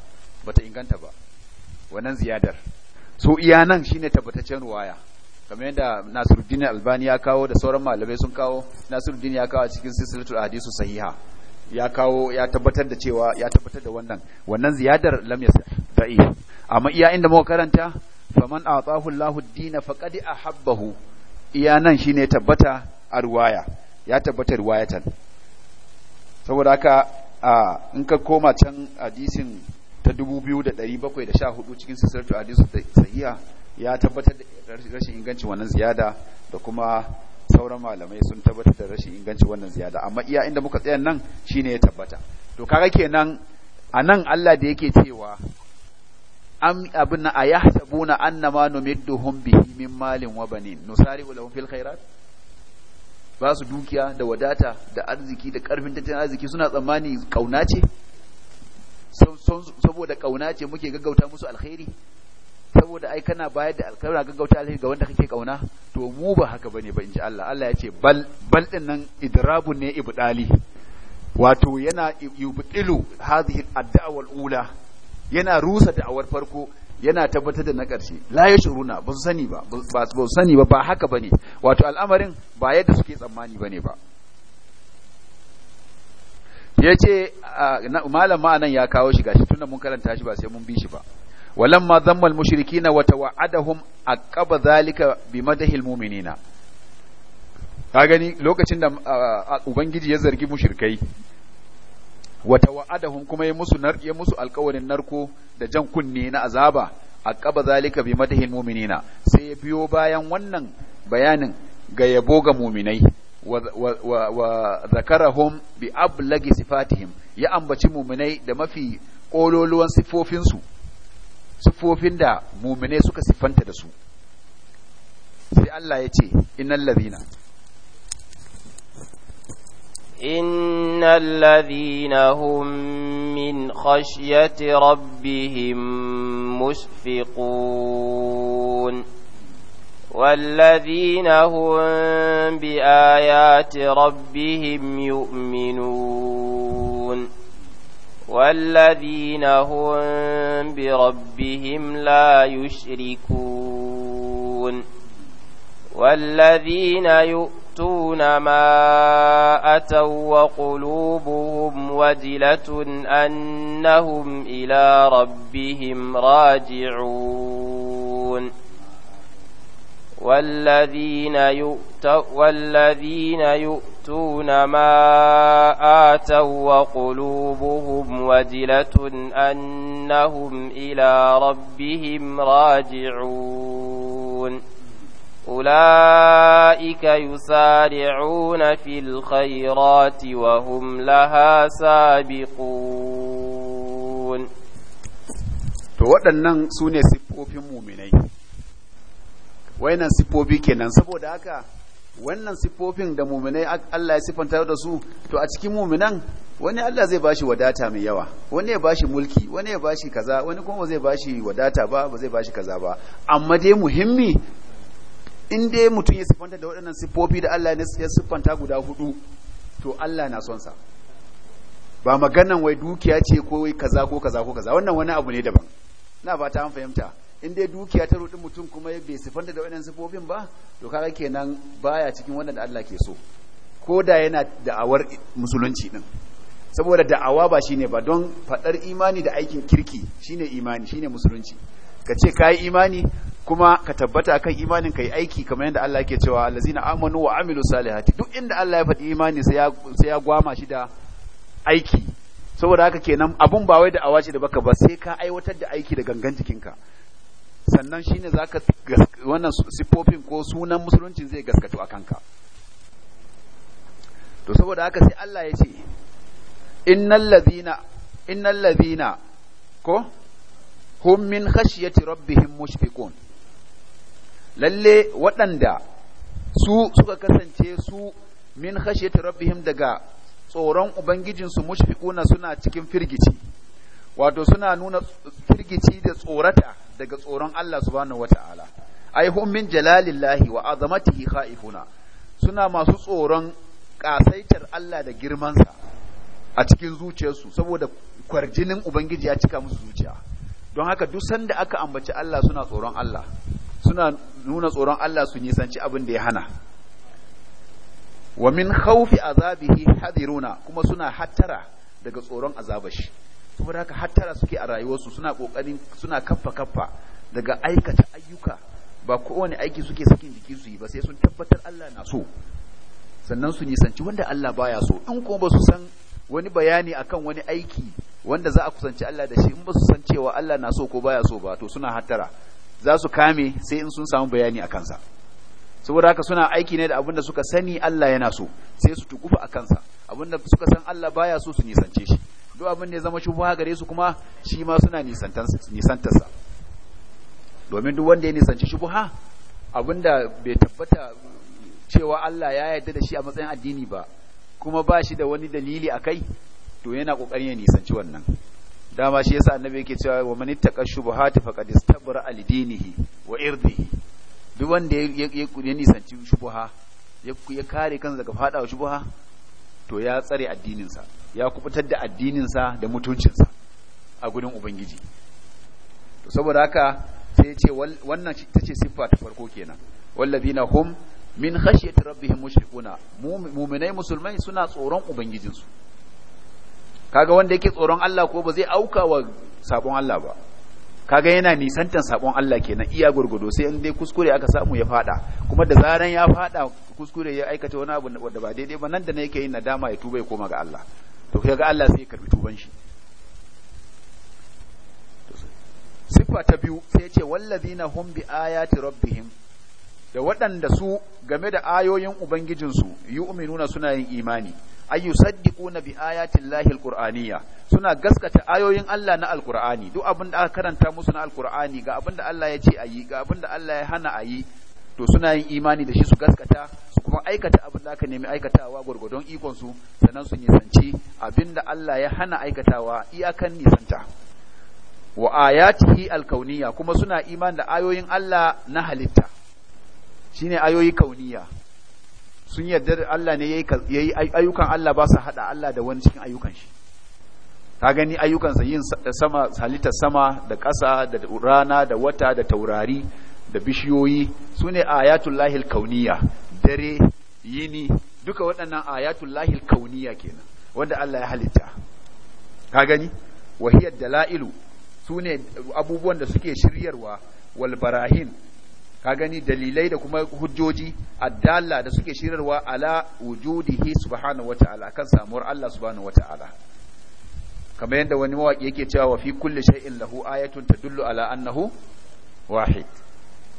[SPEAKER 1] bata inganta ba wannan ziyadar so iya nan shine tabbataccen ruwaya kamar yadda Nasiruddin Albani ya kawo da sauran malamai sun kawo Nasiruddin ya kawo cikin silsilatul hadisu sahiha ya kawo ya tabbatar da cewa ya tabbatar da wannan wannan ziyadar lam yasai amma iya inda muka karanta faman atahu Allahu ad-din faqad ahabbahu iya nan shine tabbata a ruwaya ya tabbata ruwayatan saboda haka in ka koma can hadisin ta 2714 cikin sirratu hadisu sahiha ya tabbatar da rashin ingancin wannan ziyada da kuma sauran malamai sun tabbatar da rashin inganci wannan ziyada amma iya inda muka tsaya nan shine ya tabbata to kaga kenan anan Allah da yake cewa am abin a yahsabuna annama numidduhum bihi min malin wa banin nusari'u lahum fil khairat ba su dukiya da wadata da arziki da karfin tattalin arziki suna tsammani kauna ce saboda kauna ce muke gaggauta musu alkhairi saboda ai kana bayar da alkawari gauta alheri ga wanda kake kauna to mu ba haka bane ba inji Allah Allah ya ce bal bal din nan idrabun ne ibdali wato yana yubdilu hadhihi ad-da'wa al-ula yana rusa da'awar farko yana tabbatar da na ƙarshe la ya shuruna ba sani ba ba su sani ba ba haka bane wato al'amarin ba yadda suke tsammani bane ba yace malam anan ya kawo shi gashi tunda mun karanta shi ba sai mun bi shi ba walamma dhamma al-mushrikeena wa tawa'adahum aqaba zalika bi gani lokacin da ubangiji ya zargi mushrikai wa tawa'adahum kuma ya musu ya musu alƙawarin narko da jan kunne na azaba aqaba zalika bi madahi muminina sai ya biyo bayan wannan bayanin ga yabo ga mu'minai wa zakarahum bi ablagi sifatihim ya ambaci mu'minai da mafi kololuwan sifofinsu sufofin da mumine suka siffanta da su
[SPEAKER 2] sai Allah ya ce inan lazina innan lazina min khashyati rabbihim mushfiqun والذين هم بآيات ربهم يؤمنون والذين هم بربهم لا يشركون والذين يؤتون ما أتوا وقلوبهم وجلة أنهم إلى ربهم راجعون والذين يؤتون, والذين يؤتون يؤتون ما آتوا وقلوبهم وجلة أنهم إلى ربهم راجعون أولئك يسارعون في الخيرات وهم لها سابقون to waɗannan su ne siffofin muminai
[SPEAKER 1] wayannan siffofi kenan saboda haka wannan siffofin da muminai Allah ya siffanta da su to a cikin muminan wani Allah zai bashi wadata mai yawa wani ya bashi mulki wani ya bashi kaza wani kuma zai bashi wadata ba ba zai bashi kaza ba amma dai muhimmi in dai mutum ya siffanta da waɗannan siffofi da Allah ya siffanta guda hudu to Allah na son sa ba maganan wai dukiya ce ko wai kaza ko kaza ko kaza wannan wani abu ne daban na ba ta an fahimta in dai dukiya ta rudi mutum kuma ya bai sifanta da waɗannan sifofin ba to kaga kenan baya cikin wannan da Allah ke so ko da yana da'awar musulunci din saboda da'awa ba shine ba don fadar imani da aikin kirki shine imani shine musulunci ka ce kai imani kuma ka tabbata kan imanin kai aiki kamar yadda Allah yake cewa allazina amanu wa amilu salihati duk inda Allah ya faɗi imani sai ya sai ya gwama shi da aiki saboda haka kenan abun ba wai da awaci da baka ba sai ka aiwatar da aiki da gangan jikinka sannan shine zaka wannan sifofin ko sunan musuluncin zai gaskatu a kanka to saboda haka sai Allah ya ce innal ladhina innal ladhina ko hum min khashyati rabbihim mushfiqun lalle waɗanda su suka kasance su min khashyati rabbihim daga tsoron ubangijinsu mushfiquna suna cikin firgici wato suna nuna firgici da tsorata daga tsoron Allah subhanahu wata'ala ai hum min jalalillahi wa azamatihi khaifuna suna masu tsoron kasaitar Allah da girmansa a cikin zuciyarsu saboda kwarjinin ubangiji ya cika musu zuciya don haka duk sanda aka ambaci Allah suna tsoron Allah suna nuna tsoron Allah su nisanci abin da ya hana wa min khawfi azabihi hadiruna kuma suna hattara daga tsoron azabashi saboda haka hattara suke a rayuwarsu suna kokarin suna kaffa kaffa daga aikata ayyuka ba kowane aiki suke sakin jiki su yi ba sai sun tabbatar Allah na so sannan su nisanci wanda Allah baya so in kuma ba su san wani bayani akan wani aiki wanda za a kusanci Allah da shi in ba su san cewa Allah na so ko baya so ba to suna hattara za su kame sai in sun samu bayani a kansa saboda haka suna aiki ne da abin da suka sani Allah yana so sai su tukufa a kansa abin da suka san Allah baya so su nisance shi duk abin da ya zama shubha gare su kuma shi ma suna nisantarsa domin duk wanda ya nisanci shubha da bai tabbata cewa Allah ya yarda da shi a matsayin addini ba kuma ba shi da wani dalili a kai to yana kokarin ya nisanci wannan dama shi yasa annabi yake cewa wa man ittaqa shubuhati faqad istabra al dinihi wa irdihi duk wanda ya nisanci shubuha ya kare kansa daga fadawa shubuha to ya tsare addinin sa ya kubutar da addininsa da mutuncinsa a gudun ubangiji to saboda haka sai ya ce wannan ta ce siffa ta farko kenan wallazina hum min hashe ta rabbihin mushrikuna mu'minai musulmai suna tsoron ubangijinsu kaga wanda yake tsoron Allah ko ba zai auka wa sabon Allah ba kaga yana nisantan sabon Allah kenan iya gurgudo sai in dai kuskure aka samu ya fada kuma da zaran ya fada kuskure ya aikata wani abu wadda ba daidai ba nan da na yake yin nadama ya tuba ya koma ga Allah to ga Allah sai ya karbi tuban shi siffa ta biyu sai ya ce wallazina hum bi ayati rabbihim da waɗanda su game da ayoyin ubangijinsu yu'minuna suna yin imani ayyu yusaddiquna bi ayati llahi alqur'aniyya suna gaskata ayoyin Allah na alqur'ani duk abin da aka karanta musu na alqur'ani ga abin da Allah ya ce ayi ga abin da Allah ya hana ayi to suna yin imani da shi su gaskata su kuma aikata abin da aka nemi aikatawa gwargwadon ikon su sannan su nisanci abin da Allah ya hana aikatawa iyakan nisanta wa ayatihi alkauniya kuma suna imani da ayoyin Allah na halitta shine ayoyi kauniya sun yarda da Allah ne yayi ayyukan Allah ba su hada Allah da wani cikin ayyukan shi ka gani ayyukansa yin sama halitta sama da ƙasa da rana da wata da taurari da bishiyoyi su ne lahil kauniya dare yini duka waɗannan lahil kauniya kenan wanda Allah ya halitta ka gani wahiyar dala'ilu su ne abubuwan da suke shiryarwa walbarahin ka gani dalilai da kuma hujjoji addalla da suke shiryarwa ala wujudihi subhanahu wata'ala kan samuwar Allah subhanahu wata'ala kamar yadda wani mawaki yake cewa wa fi kulli shay'in lahu ayatun tadullu ala annahu wahid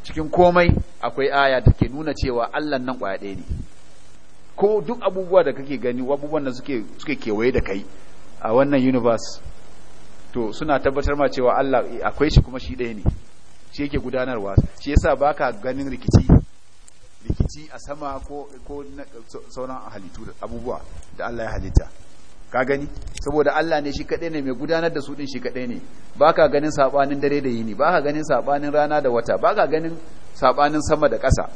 [SPEAKER 1] cikin komai akwai aya da ke nuna cewa Allah nan kwaya ɗaya ne ko duk abubuwa da kake gani abubuwan da suke kewaye da kai a wannan universe to suna tabbatar ma cewa Allah eh, akwai shi kuma shi ɗaya ne shi yake gudanarwa shi yasa baka ganin rikici rikici a sama ko ko sauran halittu abubuwa da Allah ya halitta ka gani saboda Allah ne shi kadai ne mai gudanar da su din shi kadai ne baka ganin sabanin dare da yini baka ganin sabanin rana da wata baka ganin sabanin sama da ƙasa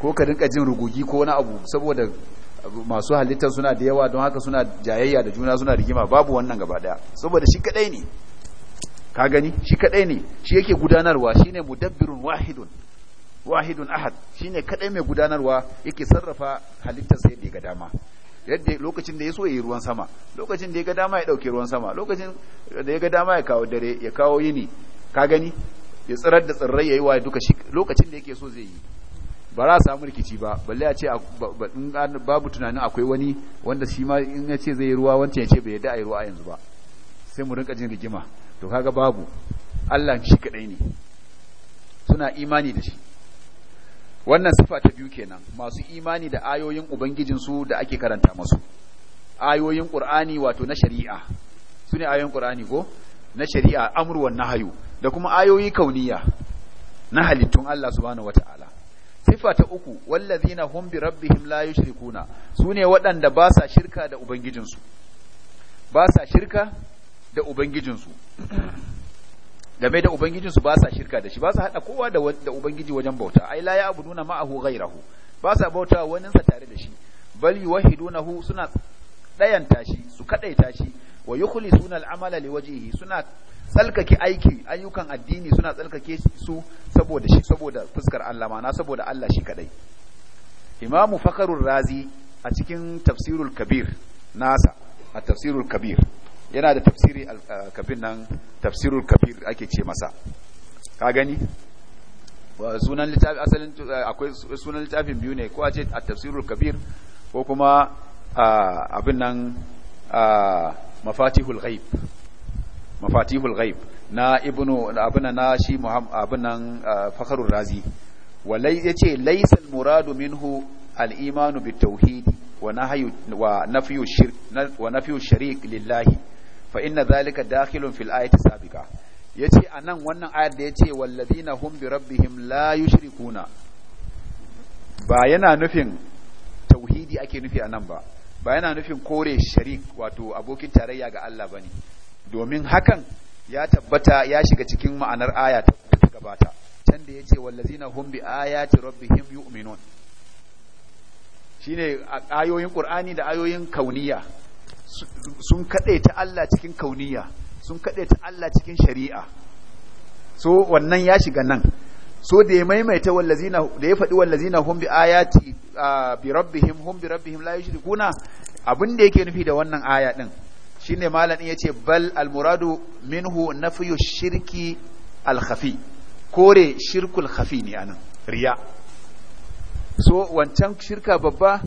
[SPEAKER 1] ko ka rinka jin rugugi ko wani abu saboda masu halittar suna da yawa don haka suna jayayya da juna suna rigima babu wannan gaba daya saboda shi kadai ne ka gani shi kadai ne shi yake gudanarwa shine mudabbirun wahidun wahidun ahad shine kadai mai gudanarwa yake sarrafa halittar sai yadda ya ga dama yadda lokacin da ya so ya yi ruwan sama lokacin da ya ga dama ya ɗauke ruwan sama lokacin da ya ga dama ya kawo dare ya kawo yini ka gani ya tsirar da tsirrai ya yi wa duka shi lokacin da yake so zai yi ba za a samu rikici ba balle a ce babu tunanin akwai wani wanda shi ma in ya ce zai yi ruwa wancan ya ce bai yadda a yi ruwa yanzu ba sai mu rinka jin rigima to kaga babu Allah shi kadai ne suna imani da shi wannan sifa ta biyu kenan masu imani da ayoyin ubangijinsu da ake karanta masu ayoyin qur'ani wato na shari'a sune ayoyin qur'ani ko na shari'a amru wan nahyu da kuma ayoyi kauniya na halittun Allah subhanahu wataala sifa ta uku wallazina hum bi rabbihim la yushrikuna sune waɗanda ba sa shirka da ubangijinsu ba sa shirka da ubangijinsu game da ubangijinsu ba sa shirka da shi ba sa hada kowa da ubangiji wajen bauta ai la ya'buduna ma'ahu ghayrahu ba sa bauta wani sa tare da shi bal yuwahidunahu suna dayanta shi su kadaita shi wa yukhlisuna al'amala liwajhihi suna tsalkake aiki ayyukan addini suna tsalkake su saboda shi saboda fuskar Allah mana saboda Allah shi kadai imamu fakarur razi a cikin tafsirul kabir nasa a tafsirul kabir yana da tafsiri eh, kafin nan tafsirul kabir ake ce masa ka gani sunan littafi asalin eh, akwai sunan littafin biyu ne ko a ce a tafsirul kabir ko kuma abin nan mafatihul ghaib mafatihul ghaib na ibnu abin na shi abin nan eh, fakharur razi walai yace laysal muradu minhu al-imanu bitawhid wa nahyu wa nafyu shirk wa nafyu sharik lillahi fa inna zalika dakhilun fil ayati sabiqa yace anan wannan ayar da yace walladina hum bi rabbihim la yushrikuna ba yana nufin tauhidi ake nufi anan ba ba yana nufin kore sharik wato abokin tarayya ga Allah bane domin hakan ya tabbata ya shiga cikin ma'anar aya ta gabata can da yace wallazina hum bi ayati rabbihim yu'minun shine ayoyin qur'ani da ayoyin kauniya sun ta Allah cikin kauniya sun ta Allah cikin shari'a so wannan ya shiga nan so da ya maimaita wallazina da ya faɗi wallazina hum bi ayati bi rabbihim hum bi rabbihim la yushrikuna abin da yake nufi da wannan aya din shine malamin yace bal al muradu minhu nafyu shirki al khafi kore shirkul khafi ne anan riya so wancan shirka babba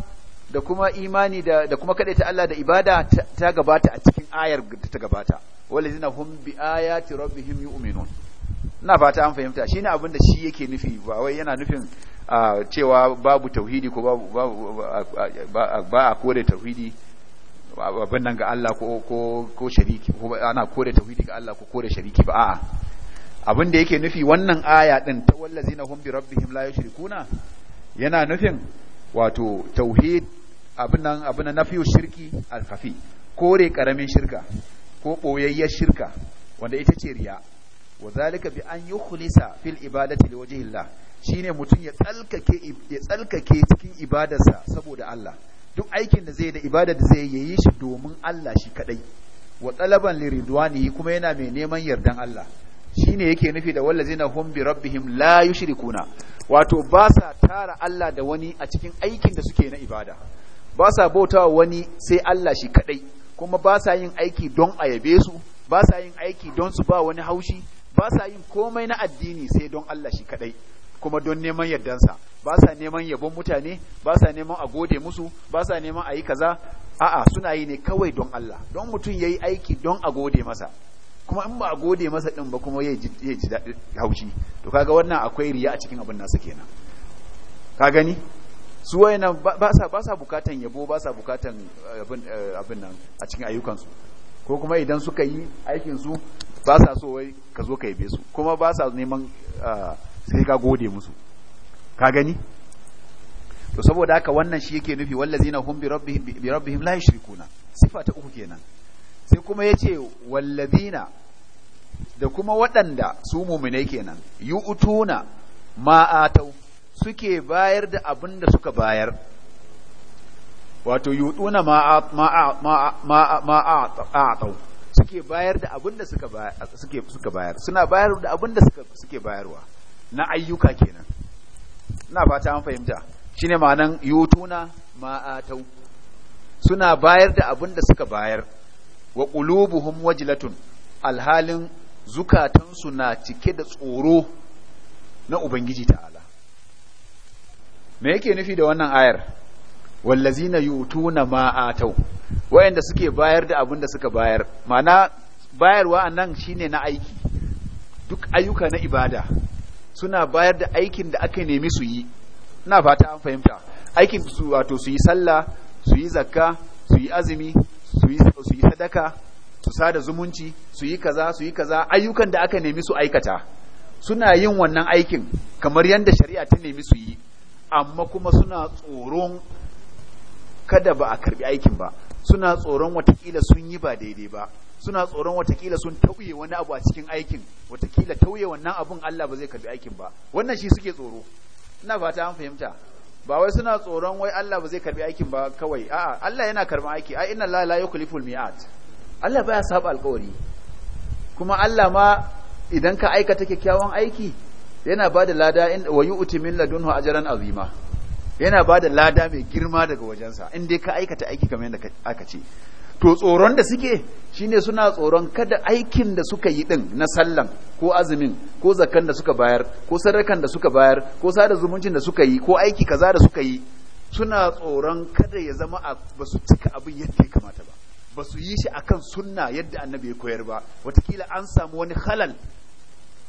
[SPEAKER 1] da kuma imani da, da kuma ta Allah da ibada ta, gabata a cikin ayar da ta gabata walazina hum bi ayati rabbihim yu'minun ina fata an fahimta shine abin da shi yake nufi ba wai yana nufin cewa babu tauhidi ko babu ba a kore tauhidi abin nan ga Allah ko ko ko shariki ko ana kore tauhidi ga Allah ko kore shariki ba a'a abin da yake nufi wannan aya din ta wallazina hum bi rabbihim la yushrikuna yana nufin wato tauhid abin nan abin nafiyu shirki alkafi kore karamin shirka ko boyayyar shirka wanda ita ce riya wa zalika bi an yukhlisa fil ibadati liwajhi Allah shine mutum ya tsalkake ya tsalkake cikin ibadarsa saboda Allah duk aikin da zai da ibadar da zai yi shi domin Allah shi kadai wa talaban ridwani kuma yana mai neman yardan Allah shine yake nufi da wallazina hum bi rabbihim la yushrikuna wato ba sa tara Allah da wani a cikin aikin da suke na ibada ba sa wa wani sai Allah shi kadai kuma ba sa yin aiki don a yabe su ba sa yin aiki don su ba wani haushi ba sa yin komai na addini sai don Allah shi kadai kuma don neman yardansa ba sa neman yabon mutane ba sa neman a gode musu ba sa neman a yi kaza a'a suna yi ne kawai don Allah don mutum yayi aiki don a gode masa kuma in ba a gode masa din ba kuma ya ji haushi to kaga wannan akwai riya a cikin abin nasa kenan ka gani su wayannan ba ba sa bukatan yabo ba sa bukatan eh, eh, abin nan a cikin ayyukansu ko kuma idan suka yi aikin su ba sa so wai ka zo ka yabe su kuma ba sa neman ah, sai ka gode musu ka gani to saboda haka wannan shi yake nufi wallazina hum bi rabbihim bi rabbihim la yushrikuna sifa ta uku kenan sai kuma yace wallazina da kuma waɗanda su muminai kenan yu'tuna ma ma'atau suke bayar da abin da suka bayar wato yuduna ma'a'atau suke bayar da abin da suka bayar suna bayar da abin da suke bayarwa na ayyuka kenan ina fata an fahimta shine ma'anan a ma'atau suna bayar da abin da suka bayar wa qulubuhum wajlatun alhalin zukatansu na cike da tsoro na ubangiji ta'ala me yake nufi da wannan ayar wallazina yutuna ma atau wayanda suke bayar da abin da suka bayar mana bayarwa anan shine na aiki duk ayyuka na ibada suna bayar da aikin da aka nemi su yi ina fata an fahimta aikin su wato su yi sallah su yi zakka su yi azumi su yi sadaka su sada zumunci su yi kaza su yi kaza ayyukan da aka nemi su aikata suna yin wannan aikin kamar yadda shari'a ta nemi su yi amma kuma suna tsoron kada ba a karbi aikin ba suna tsoron watakila sun yi ba daidai ba suna tsoron watakila sun tauye wani abu a cikin aikin watakila tauye wannan abun Allah ba zai karbi aikin ba wannan shi suke tsoro ina fata an fahimta ba wai suna tsoron wai Allah ba zai karbi aikin ba kawai a'a Allah yana karban aiki a inna Allah la yukhliful mi'at Allah baya saba alƙawari kuma Allah ma idan ka aikata kyakkyawan aiki yana ba da lada wa yi ladun ladunhu ajaran azima yana ba da lada mai girma daga wajensa in ka aikata aiki kamar yadda aka ce to tsoron da suke shine suna tsoron kada aikin da suka yi din na sallan ko azumin ko zakan da suka bayar ko sadakan da suka bayar ko sada zumuncin da suka yi ko aiki kaza da suka yi suna tsoron kada ya zama ba su cika abin yadda ya kamata ba ba su yi shi akan sunna yadda annabi ya koyar ba watakila an samu wani halal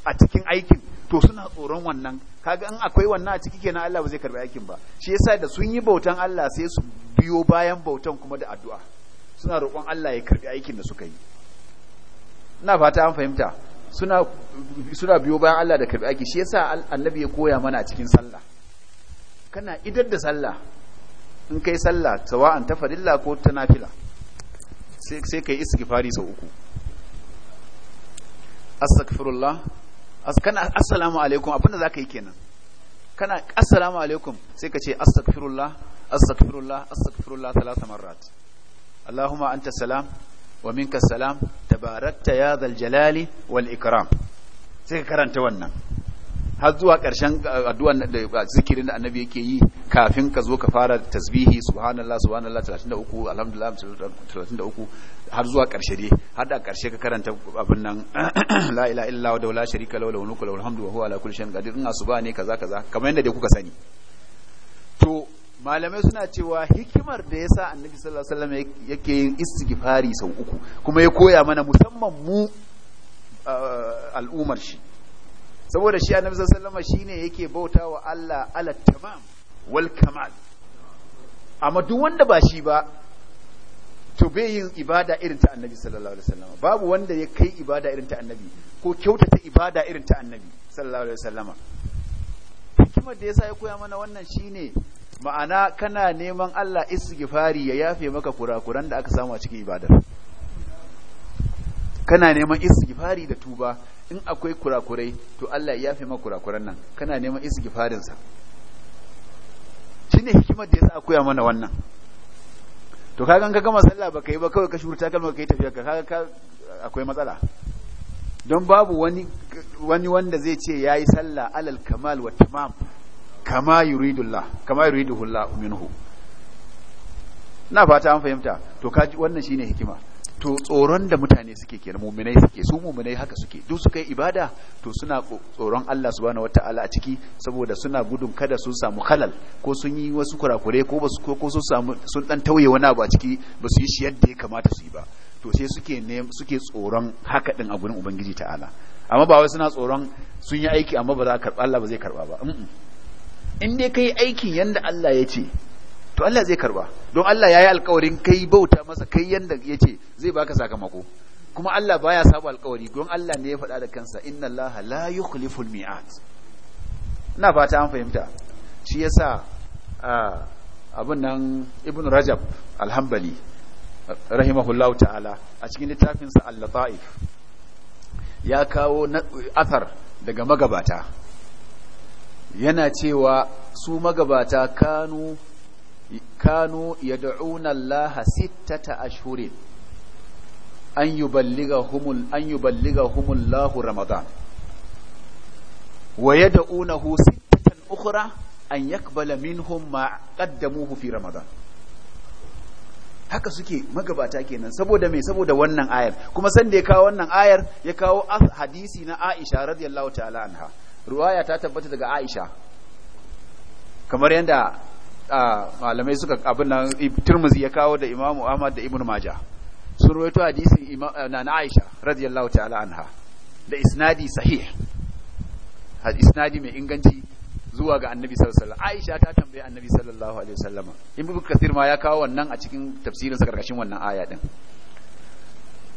[SPEAKER 1] a cikin aikin to suna tsoron wannan kaga in akwai wannan a ciki kenan Allah ba zai karbi aikin ba shi yasa da sun yi bautan Allah sai su biyo bayan bautan kuma da addu'a suna roƙon Allah ya karbi aikin da suka yi ina fata an fahimta suna suna biyo bayan Allah da karbi aiki shi yasa annabi ya koya mana a cikin sallah kana idar da sallah in kai sallah sawa'an ta farilla ko ta nafila sai sai kai istighfari sau uku astaghfirullah kana assalamu alaikum abinda za ka yi kenan kana assalamu alaikum sai ka ce astaghfirullah astaghfirullah astaghfirullah thalatha marrat allahumma anta salam wa minka salam tabarakta ya dhal jalali wal ikram sai ka karanta wannan har zuwa ƙarshen uh, addu'an da zikirin da annabi yake yi kafin ka zo ka fara tasbihi subhanallah subhanallah 33 alhamdulillah 33 har zuwa ƙarshe dai har da ƙarshe ka karanta abin nan la ilaha illa wa la sharika lahu lahul mulku lahul hamdu wa huwa ala kulli shay'in qadir ina asuba ne kaza kaza kamar yadda dai kuka sani to malamai suna cewa hikimar da yasa annabi sallallahu alaihi wasallam yake yin istighfari sau uku kuma ya koya mana musamman mu uh, al'umar shi saboda shi annabi sallallahu alaihi shine yake bautawa Allah ala tamam wal kamal amma duk wanda ba shi ba to bai yin ibada irin ta annabi sallallahu alaihi wasallam babu wanda ya kai ibada irin ta annabi ko kyautata ibada irin ta annabi sallallahu alaihi wasallam hikimar da yasa ya koya mana wannan shine ma'ana kana neman Allah istighfari ya yafe maka kurakuran da aka samu a cikin ibadar kana neman istighfari da tuba in akwai kurakurai to Allah ya fi ma kurakuran nan kana neman sa shine hikimar da yasa koya mana wannan to kaga ka gama sallah baka yi ba kawai ka shuru kalma kai tafiya ka kaga akwai matsala don babu wani wani wanda zai ce yayi sallah alal kamal wa tamam kama yuridullah kama yuriduhu Allah minhu na fata an fahimta to kaji wannan shine hikima to tsoron da mutane suke kenan muminai suke su muminai haka suke duk suka yi ibada to suna tsoron Allah subhanahu wataala a ciki saboda suna gudun kada sun samu halal ko sun yi wasu kurakure ko basu ko sun samu sun dan tauye wani abu a ciki ba su yi shi yadda ya kamata su yi ba to sai suke ne suke tsoron haka din a gurin ubangiji ta'ala amma ba wai suna tsoron sun yi aiki amma ba za a karba Allah ba zai karba ba in dai kai aikin yanda Allah ya ce to Allah zai karba don Allah yi alkawarin kai bauta masa kai yanda yace zai baka sakamako kuma Allah baya saba alkawari don Allah ne ya faɗa da kansa inna Allah la yukhliful mi'at ina fata an fahimta shi yasa abin nan ibn rajab alhambali rahimahullahu ta'ala a cikin littafinsa al-lata'if ya kawo athar daga magabata yana cewa su magabata kanu kanu yad'una Allah sittata ashhurin an yuballighahum an yuballighahum Allah Ramadan wa yad'unahu sittatan ukhra an yakbala minhum ma qaddamuhu fi Ramadan haka suke magabata kenan saboda me saboda wannan ayar kuma san da ya kawo wannan ayar ya kawo hadisi na Aisha radiyallahu ta'ala anha ruwaya ta tabbata daga Aisha kamar yadda A malamai suka abin nan turmuzi ya kawo da imamu ahmad da ibn majah sun rawaito hadisin eh, na aisha radiyallahu ta'ala anha da isnadi sahih isnadi mai inganci zuwa ga annabi sallallahu alaihi wasallam aisha ta tambaye annabi sallallahu alaihi wasallam bi kasir ma ya kawo wannan a cikin tafsirin sa karkashin wannan aya din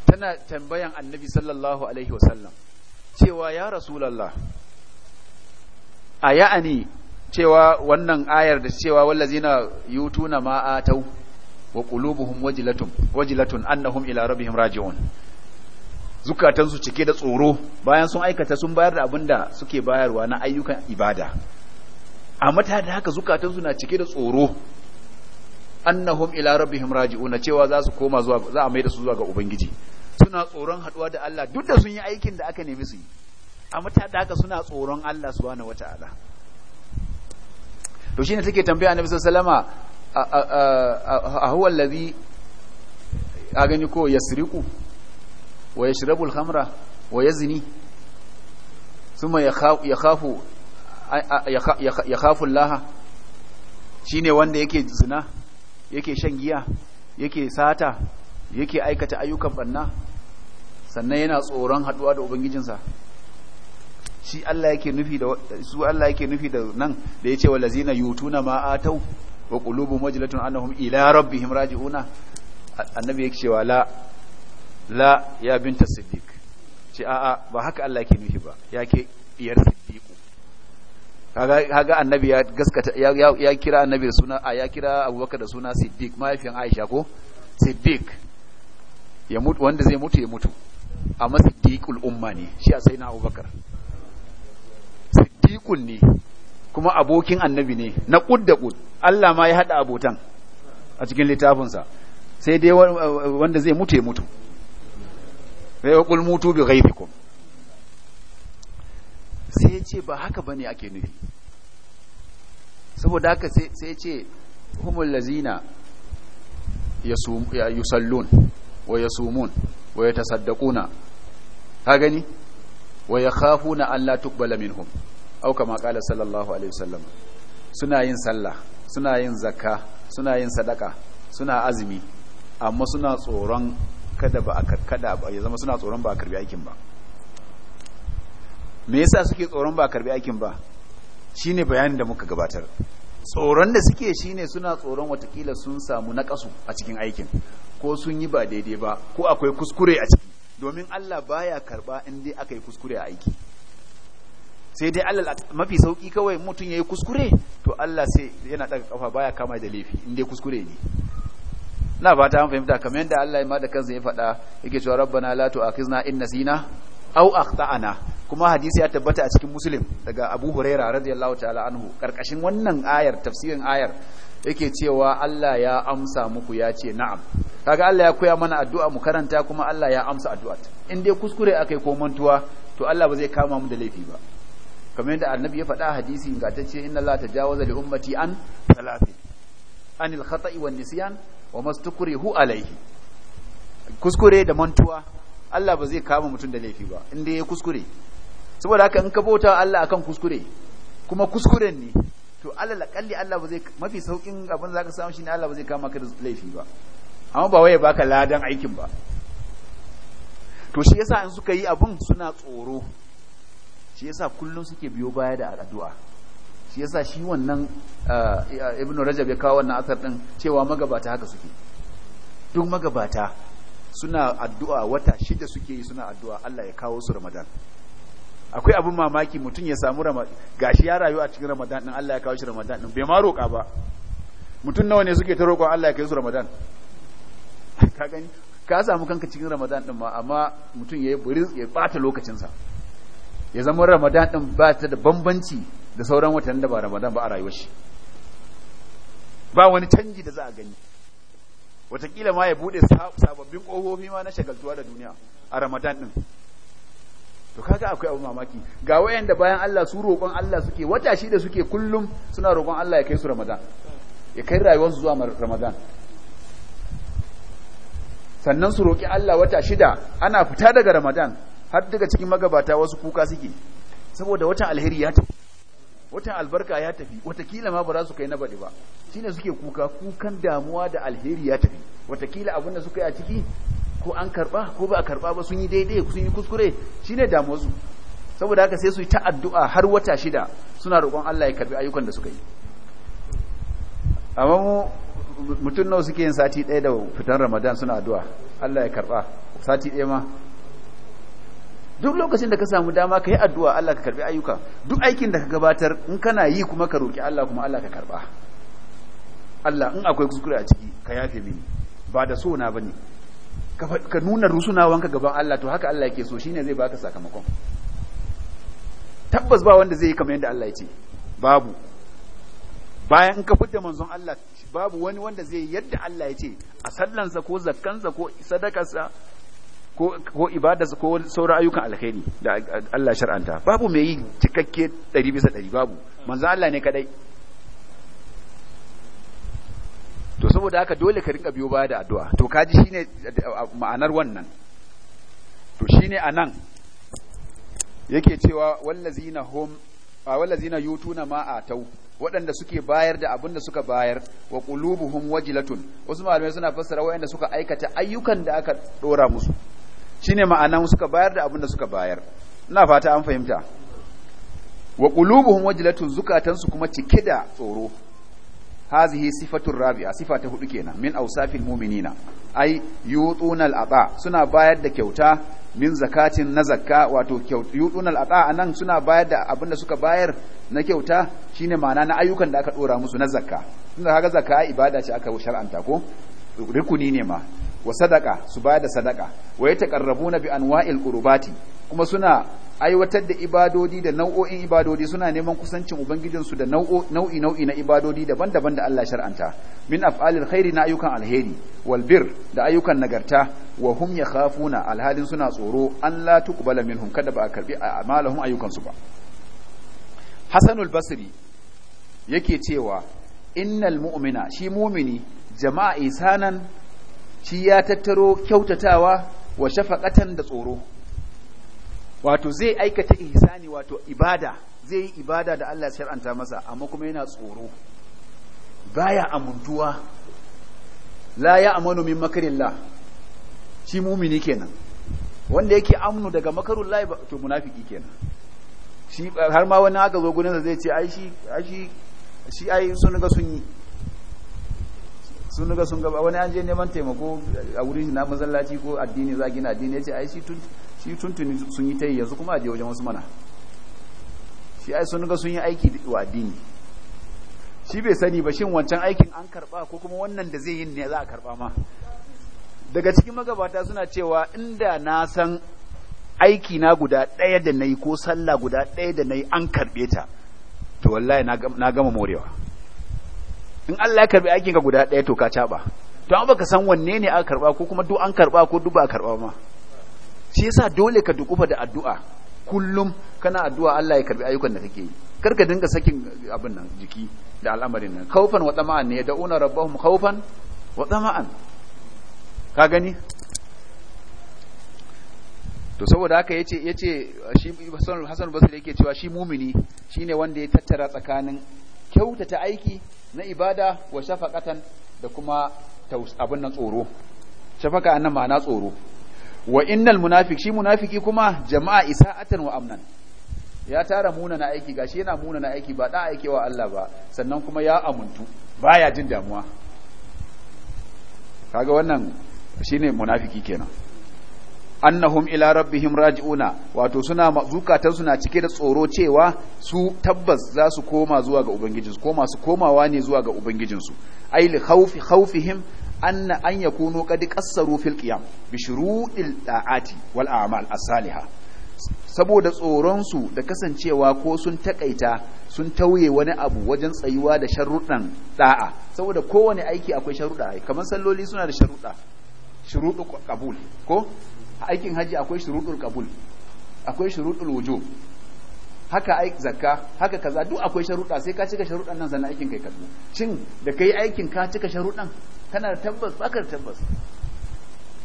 [SPEAKER 1] tana tambayan annabi sallallahu alaihi wasallam cewa ya rasulullah ani cewa wannan ayar da cewa wallazina yutuna ma atau wa qulubuhum wajilatun wajilatun annahum ila rabbihim raji'un zukatansu cike da tsoro bayan sun aikata sun bayar da abinda suke bayarwa na ayyukan ibada amma ta da haka zukatansu na cike da tsoro annahum ila rabbihim raji'un cewa za su koma zuwa za a maida su zuwa ga ubangiji suna tsoron haduwa da Allah duk da sun yi aikin da aka nemi su yi amma ta da haka suna tsoron Allah subhanahu wataala to ne take tambaya annabi sallama a huwa allazi a gani ko yasriqu wa yashrabu al wa yazni thumma yakhafu yakhafu Allah shine wanda yake zina yake shan giya yake sata yake aikata ayyukan banna sannan yana tsoron haduwa da ubangijinsa shi Allah yake nufi da su Allah yake nufi da nan da yace wallazina yutuna ma ataw wa qulubu majlatun annahum ila rabbihim raji'una annabi yake cewa la la ya binta siddiq ce a'a ba haka Allah yake nufi ba yake diyar siddiqu kaga kaga annabi ya gaskata ya kira annabi da suna a ya kira abubakar da suna siddiq mahaifiyan aisha ko siddiq ya mutu wanda zai mutu ya mutu amma siddiqul umma ne shi a sayyidina abubakar sadiqun ne kuma abokin annabi ne na kud da kud Allah ma ya haɗa abotan a cikin littafinsa sai dai wanda zai mutu ya mutu sai ya kul mutu bi ghaibikum sai ya ce ba haka bane ake nufi saboda haka sai ya ce humul lazina yusallun wa yasumun wa yatasaddaquna ka gani wa khafuna an la tuqbala minhum auka kala sallallahu alaihi wasallam suna yin sallah suna yin zakka suna yin sadaka suna azumi amma suna tsoron kada ba a kada ba ya zama suna tsoron ba a karbi aikin ba me yasa suke tsoron ba a karbi aikin ba shine bayanin da muka gabatar tsoron da suke shine suna tsoron watakila sun samu nakasu a cikin aikin ko sun yi ba daidai ba ko akwai kuskure a ciki domin Allah baya karba in dai aka yi kuskure a aiki sai dai Allah mafi sauki kawai mutum ya yi kuskure to Allah sai yana daga kafa baya kama da laifi inda ya kuskure ne na fata an fahimta kamar yadda Allah ya ma da kansa ya faɗa yake cewa rabbana la tu'akhizna in nasina aw akhtana kuma hadisi ya tabbata a cikin muslim daga abu huraira radiyallahu ta'ala anhu karkashin wannan ayar tafsirin ayar yake cewa Allah ya amsa muku ya ce na'am kaga Allah ya koya mana addu'a mu karanta kuma Allah ya amsa addu'a in dai kuskure akai ko mantuwa to Allah ba zai kama mu da laifi ba kamar yadda annabi ya faɗa hadisi ta ce inna Allah jawaza li ummati an salafi anil khata'i wan nisyan wa mastukrihu alayhi kuskure da mantuwa Allah ba zai kama mutum da laifi ba inda ya kuskure saboda haka in ka bauta Allah akan kuskure kuma kuskuren ne to alal akalli Allah ba zai mafi saukin abin zaka samu shine Allah ba zai kama ka da laifi ba amma ba waye baka ladan aikin ba to shi yasa in suka yi abun suna tsoro shi yasa kullum suke biyo baya da addu'a shi yasa shi wannan eh, ibnu rajab ya kawo wannan asar din cewa magabata haka suke duk magabata suna addu'a wata shida suke yi suna addu'a Allah ya kawo su Ramadan akwai abin mamaki mutum ya samu Ramadan gashi ya rayu a cikin Ramadan din Allah ya kawo shi Ramadan din bai ma roƙa ba mutum nawa ne suke ta roƙon Allah ya kai su Ramadan ka gani ka samu kanka cikin Ramadan din ma amma mutum ya yi buri ya bata lokacinsa ya zama ramadan ɗin ba ta da bambanci da sauran watanni da ba ramadan ba a rayuwar shi ba wani canji da za a gani watakila ma ya buɗe sababbin ƙofofi ma na shagaltuwa da duniya a ramadan ɗin. to kaga akwai abu mamaki ga wayanda bayan Allah su roƙon Allah suke wata shi da suke kullum suna roƙon Allah ya kai su Ramadan ya kai rayuwarsu zuwa Ramadan sannan su roƙi Allah wata shida ana fita daga Ramadan har daga cikin magabata wasu kuka suke saboda watan alheri ya tafi watan albarka ya tafi watakila ma ba za su kai na baɗi ba shine suke kuka kukan damuwa da alheri ya tafi watakila abin da suka yi a ciki ko an karba ko ba a karba ba sun yi daidai sun yi kuskure shine damuwar su saboda haka sai su yi ta addu'a har wata shida suna roƙon Allah ya karbi ayyukan da suka yi amma mu mutum nawa suke yin sati ɗaya da fitan Ramadan suna addu'a Allah ya karba sati ɗaya ma duk lokacin da ka samu dama ka yi addu'a Allah ka karbi ayyuka duk aikin da ka gabatar in kana yi kuma ka roƙi Allah kuma Allah ka karba Allah in akwai kuskure a ciki ka yafe mini ba da so na bane ka nuna wanka gaban Allah to haka Allah yake so shine zai baka sakamakon tabbas ba wanda zai yi kamar yadda Allah ya ce babu bayan in ka fudda manzon Allah babu wani wanda zai yadda Allah ya ce a sallansa ko zakkansa ko sadakarsa ko ibada ko sauran ayyukan alkhairi da Allah shar'anta babu mai yi cikakke 100 bisa 100 babu manzo Allah ne kadai to saboda haka dole ka rinka biyo baya da addu'a to kaji shine ma'anar wannan to shine anan yake cewa wallazina hum wallazina yutuna ma atau waɗanda suke bayar da abin suka bayar wa qulubuhum wajilatun wasu malamai suna fassara waɗanda suka aikata ayyukan da aka dora musu shine ma'anan suka bayar da abin da suka bayar ina fata an fahimta wa qulubuhum wajlatun zukatansu kuma cike da tsoro hazihi sifatun rabi'a sifa ta hudu kenan min awsafil mu'minina ai yutunal ata suna bayar da kyauta min zakatin na zakka wato yutunal ata anan suna bayar da abin da suka bayar na kyauta shine ma'ana na ayyukan da aka ɗora musu na zakka tunda kaga zakka ibada ce aka shar'anta ko rukuni ne ma wa sadaka su ba da sadaka wa ya na bi anwa'il qurbati kuma suna aiwatar da ibadodi da nau'o'in ibadodi suna neman kusancin ubangijinsu da nau'i nau'i na ibadodi daban-daban da Allah shar'anta min af'alil khairi na ayyukan alheri wal bir da ayyukan nagarta wa hum yakhafuna alhalin suna tsoro an la tuqbala minhum kada ba a karbi amalahum ayyukan su ba Hasanul Basri yake cewa innal mu'mina shi mu'mini jama'a isanan shi ya tattaro kyautatawa wa shafaqatan da tsoro wato zai aikata ihsani wato ibada zai yi ibada da Allah shar'anta masa amma kuma yana tsoro baya amuntuwa la ya amanu min makarillah shi mumini kenan wanda yake amnu daga makarullah to munafiki kenan shi har ma wani aka zo gurin sa zai ce ai shi ai shi ai sun ga sun yi sun ga sun gaba wani an je neman taimako a wurin na masallaci ko addini za gina addini ce ai shi tuntuni sun yi ta yi yanzu kuma a je wajen wasu mana shi ai sun ga sun yi aiki wa addini shi bai sani ba shin wancan aikin an karba ko kuma wannan da zai yi ne za a karba ma daga cikin magabata suna cewa inda na san aiki na guda ɗaya da na yi ko sallah guda ɗaya da na yi an karɓe ta to wallahi na gama morewa in Allah ya karbi aikin ka guda ɗaya to ka caba to an baka san wanne ne aka karba ko kuma duk an karba ko duk ba a karba ma shi yasa dole ka dukufa da addu'a kullum kana addu'a Allah ya karbi ayyukan da kake yi kar ka dinga sakin abin nan jiki da al'amarin nan khaufan wa tama'an ne da'una rabbahum khaufan wa tama'an ka gani to saboda haka yace yace shi Hassan Basri yake cewa shi mumini shine wanda ya tattara tsakanin kyautata aiki na ibada wa shafaqatan da kuma abin nan tsoro shafaka annan ma'ana tsoro wa innal munafiq shi munafiki kuma jama'a isa'atan wa amnan ya tara muna na aiki gashi yana muna na aiki ba da aike wa Allah ba sannan kuma ya amuntu baya jin damuwa kaga wannan shine munafiki kenan annahum ila rabbihim raji'una wato suna zukatan suna cike da tsoro cewa su tabbas za su koma zuwa ga ubangijinsu ko masu komawa ne zuwa ga ubangijinsu ai li khawfi khawfihim an an yakunu qad qassaru fil qiyam bi shuru'il da'ati wal a'mal as Saliha. saboda tsoron su da kasancewa ko sun takaita sun tauye wani abu wajen tsayuwa da sharuɗan da'a saboda kowane aiki akwai sharuɗa kamar salloli suna da sharuɗa shuruɗu qabul ko aikin haji akwai shuruɗul kabul akwai shuruɗul wujub haka ai zakka haka kaza duk akwai sharuɗa sai ka cika sharuɗan nan sannan aikin kai karbu shin da kai aikin ka cika sharuɗan kana da tabbas baka da tabbas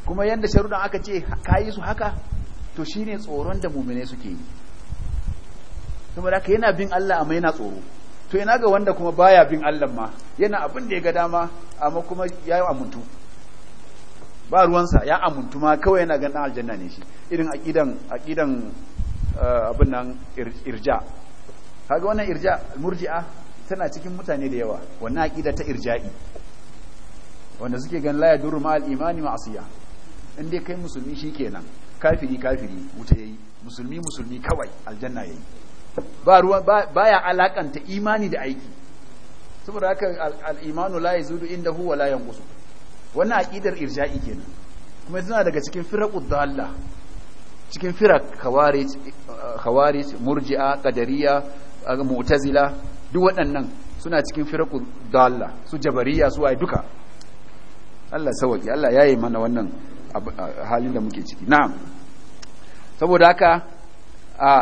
[SPEAKER 1] kuma yanda sharuɗan aka ce ka yi su haka to shine tsoron da mu'mine suke yi saboda haka yana bin Allah amma yana tsoro to ina ga wanda kuma baya bin Allah ma yana abin da ya ga dama amma kuma ya yi amuntu ba ruwansa ya amuntu ma kawai yana ganin aljanna ne shi irin aqidan aqidan eh, abin nan irja kaga wannan irja murji'a tana cikin mutane da yawa wannan aqida ta irja'i wanda suke gan la yadur ma al imani ma'asiya in dai kai musulmi shikenan kafiri kafiri wuta yayi musulmi musulmi kawai aljanna yayi ba ruwa baya ta imani da aiki saboda haka al imanu la yazudu indahu wa la yanqusu wannan aqidar irja'i kenan kuma yana daga cikin firaqud dalla cikin firaq khawarij khawarij murji'a qadariyya mu'tazila duk waɗannan suna cikin firaqud dalla su jabariya su ai duka Allah sauki Allah yayi mana wannan halin da muke ciki na'am saboda haka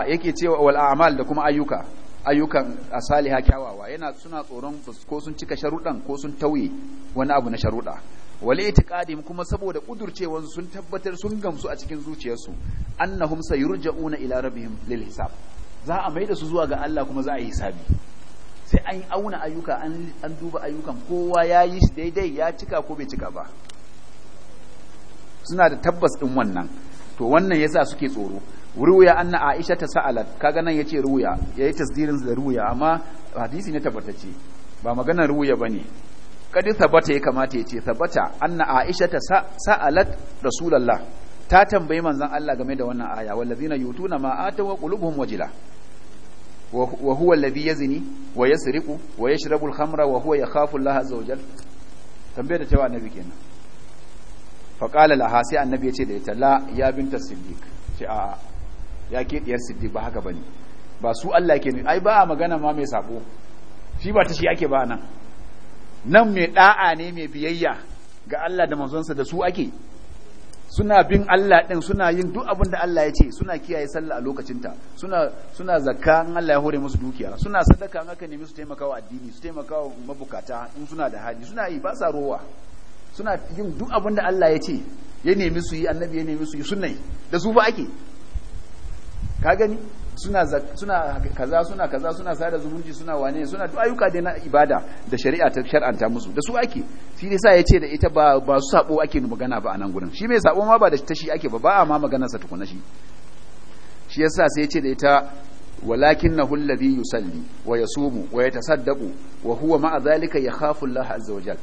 [SPEAKER 1] yake cewa wal a'mal da kuma ayyuka ayyukan asaliha kyawawa yana suna tsoron ko sun cika sharuɗan ko sun tauye wani abu na sharuɗa ta itiqadim kuma saboda kudurcewan sun tabbatar sun gamsu a cikin zuciyarsu annahum sayurja'una ila rabbihim lil hisab za a maida su zuwa ga Allah kuma za a yi hisabi sai an auna ayyuka an an duba ayyukan kowa ya yi shi daidai ya cika ko bai cika ba suna da tabbas din wannan to wannan yasa suke tsoro ruya anna aisha ta sa'alat kaga nan yace ruya yayi tasdirin da ruya amma hadisi ne tabbatacce ba maganar ruya bane kadi sabata ya kamata ya ce sabata anna aisha ta sa'alat rasulullah ta tambayi manzon Allah game da wannan aya wallazina yutuna ma wa qulubuhum wajila wa huwa alladhi yazni wa yasriqu wa yashrabu al-khamra wa huwa yakhafu Allah azza wajal jalla tambayar da cewa annabi kenan fa qala laha sai annabi ya ce da ita la ya binta siddiq ce a ya ke diyar siddiq ba haka bane ba su Allah ke ne ai ba a magana ma mai sako shi ba ta shi ake ba nan nan mai da'a ne mai biyayya ga Allah da manzonsa da su ake suna bin Allah din suna yin duk abin da Allah ya ce suna kiyaye sallah a lokacinta suna suna zakka in Allah ya hore musu dukiya suna sadaka in aka nemi su taimakawa addini su taimakawa mabukata in suna da hali suna yi ba sa rowa suna yin duk abin da Allah ya ce ya nemi su yi annabi ya nemi su yi sunnai da su ba ake ka gani suna suna kaza suna kaza suna sada zumunci suna wane suna duk ayyuka da na ibada da shari'a ta shar'anta musu da su ake shi ne sa yace da ita ba ba su sabo ake magana ba a nan gurin shi mai sabo ma ba da tashi ake ba ba a ma maganar sa tukuna shi shi yasa sai yace da ita ولكنه الذي يصلي ويصوم ويتصدق وهو مع wahuwa ma'azalika الله عز وجل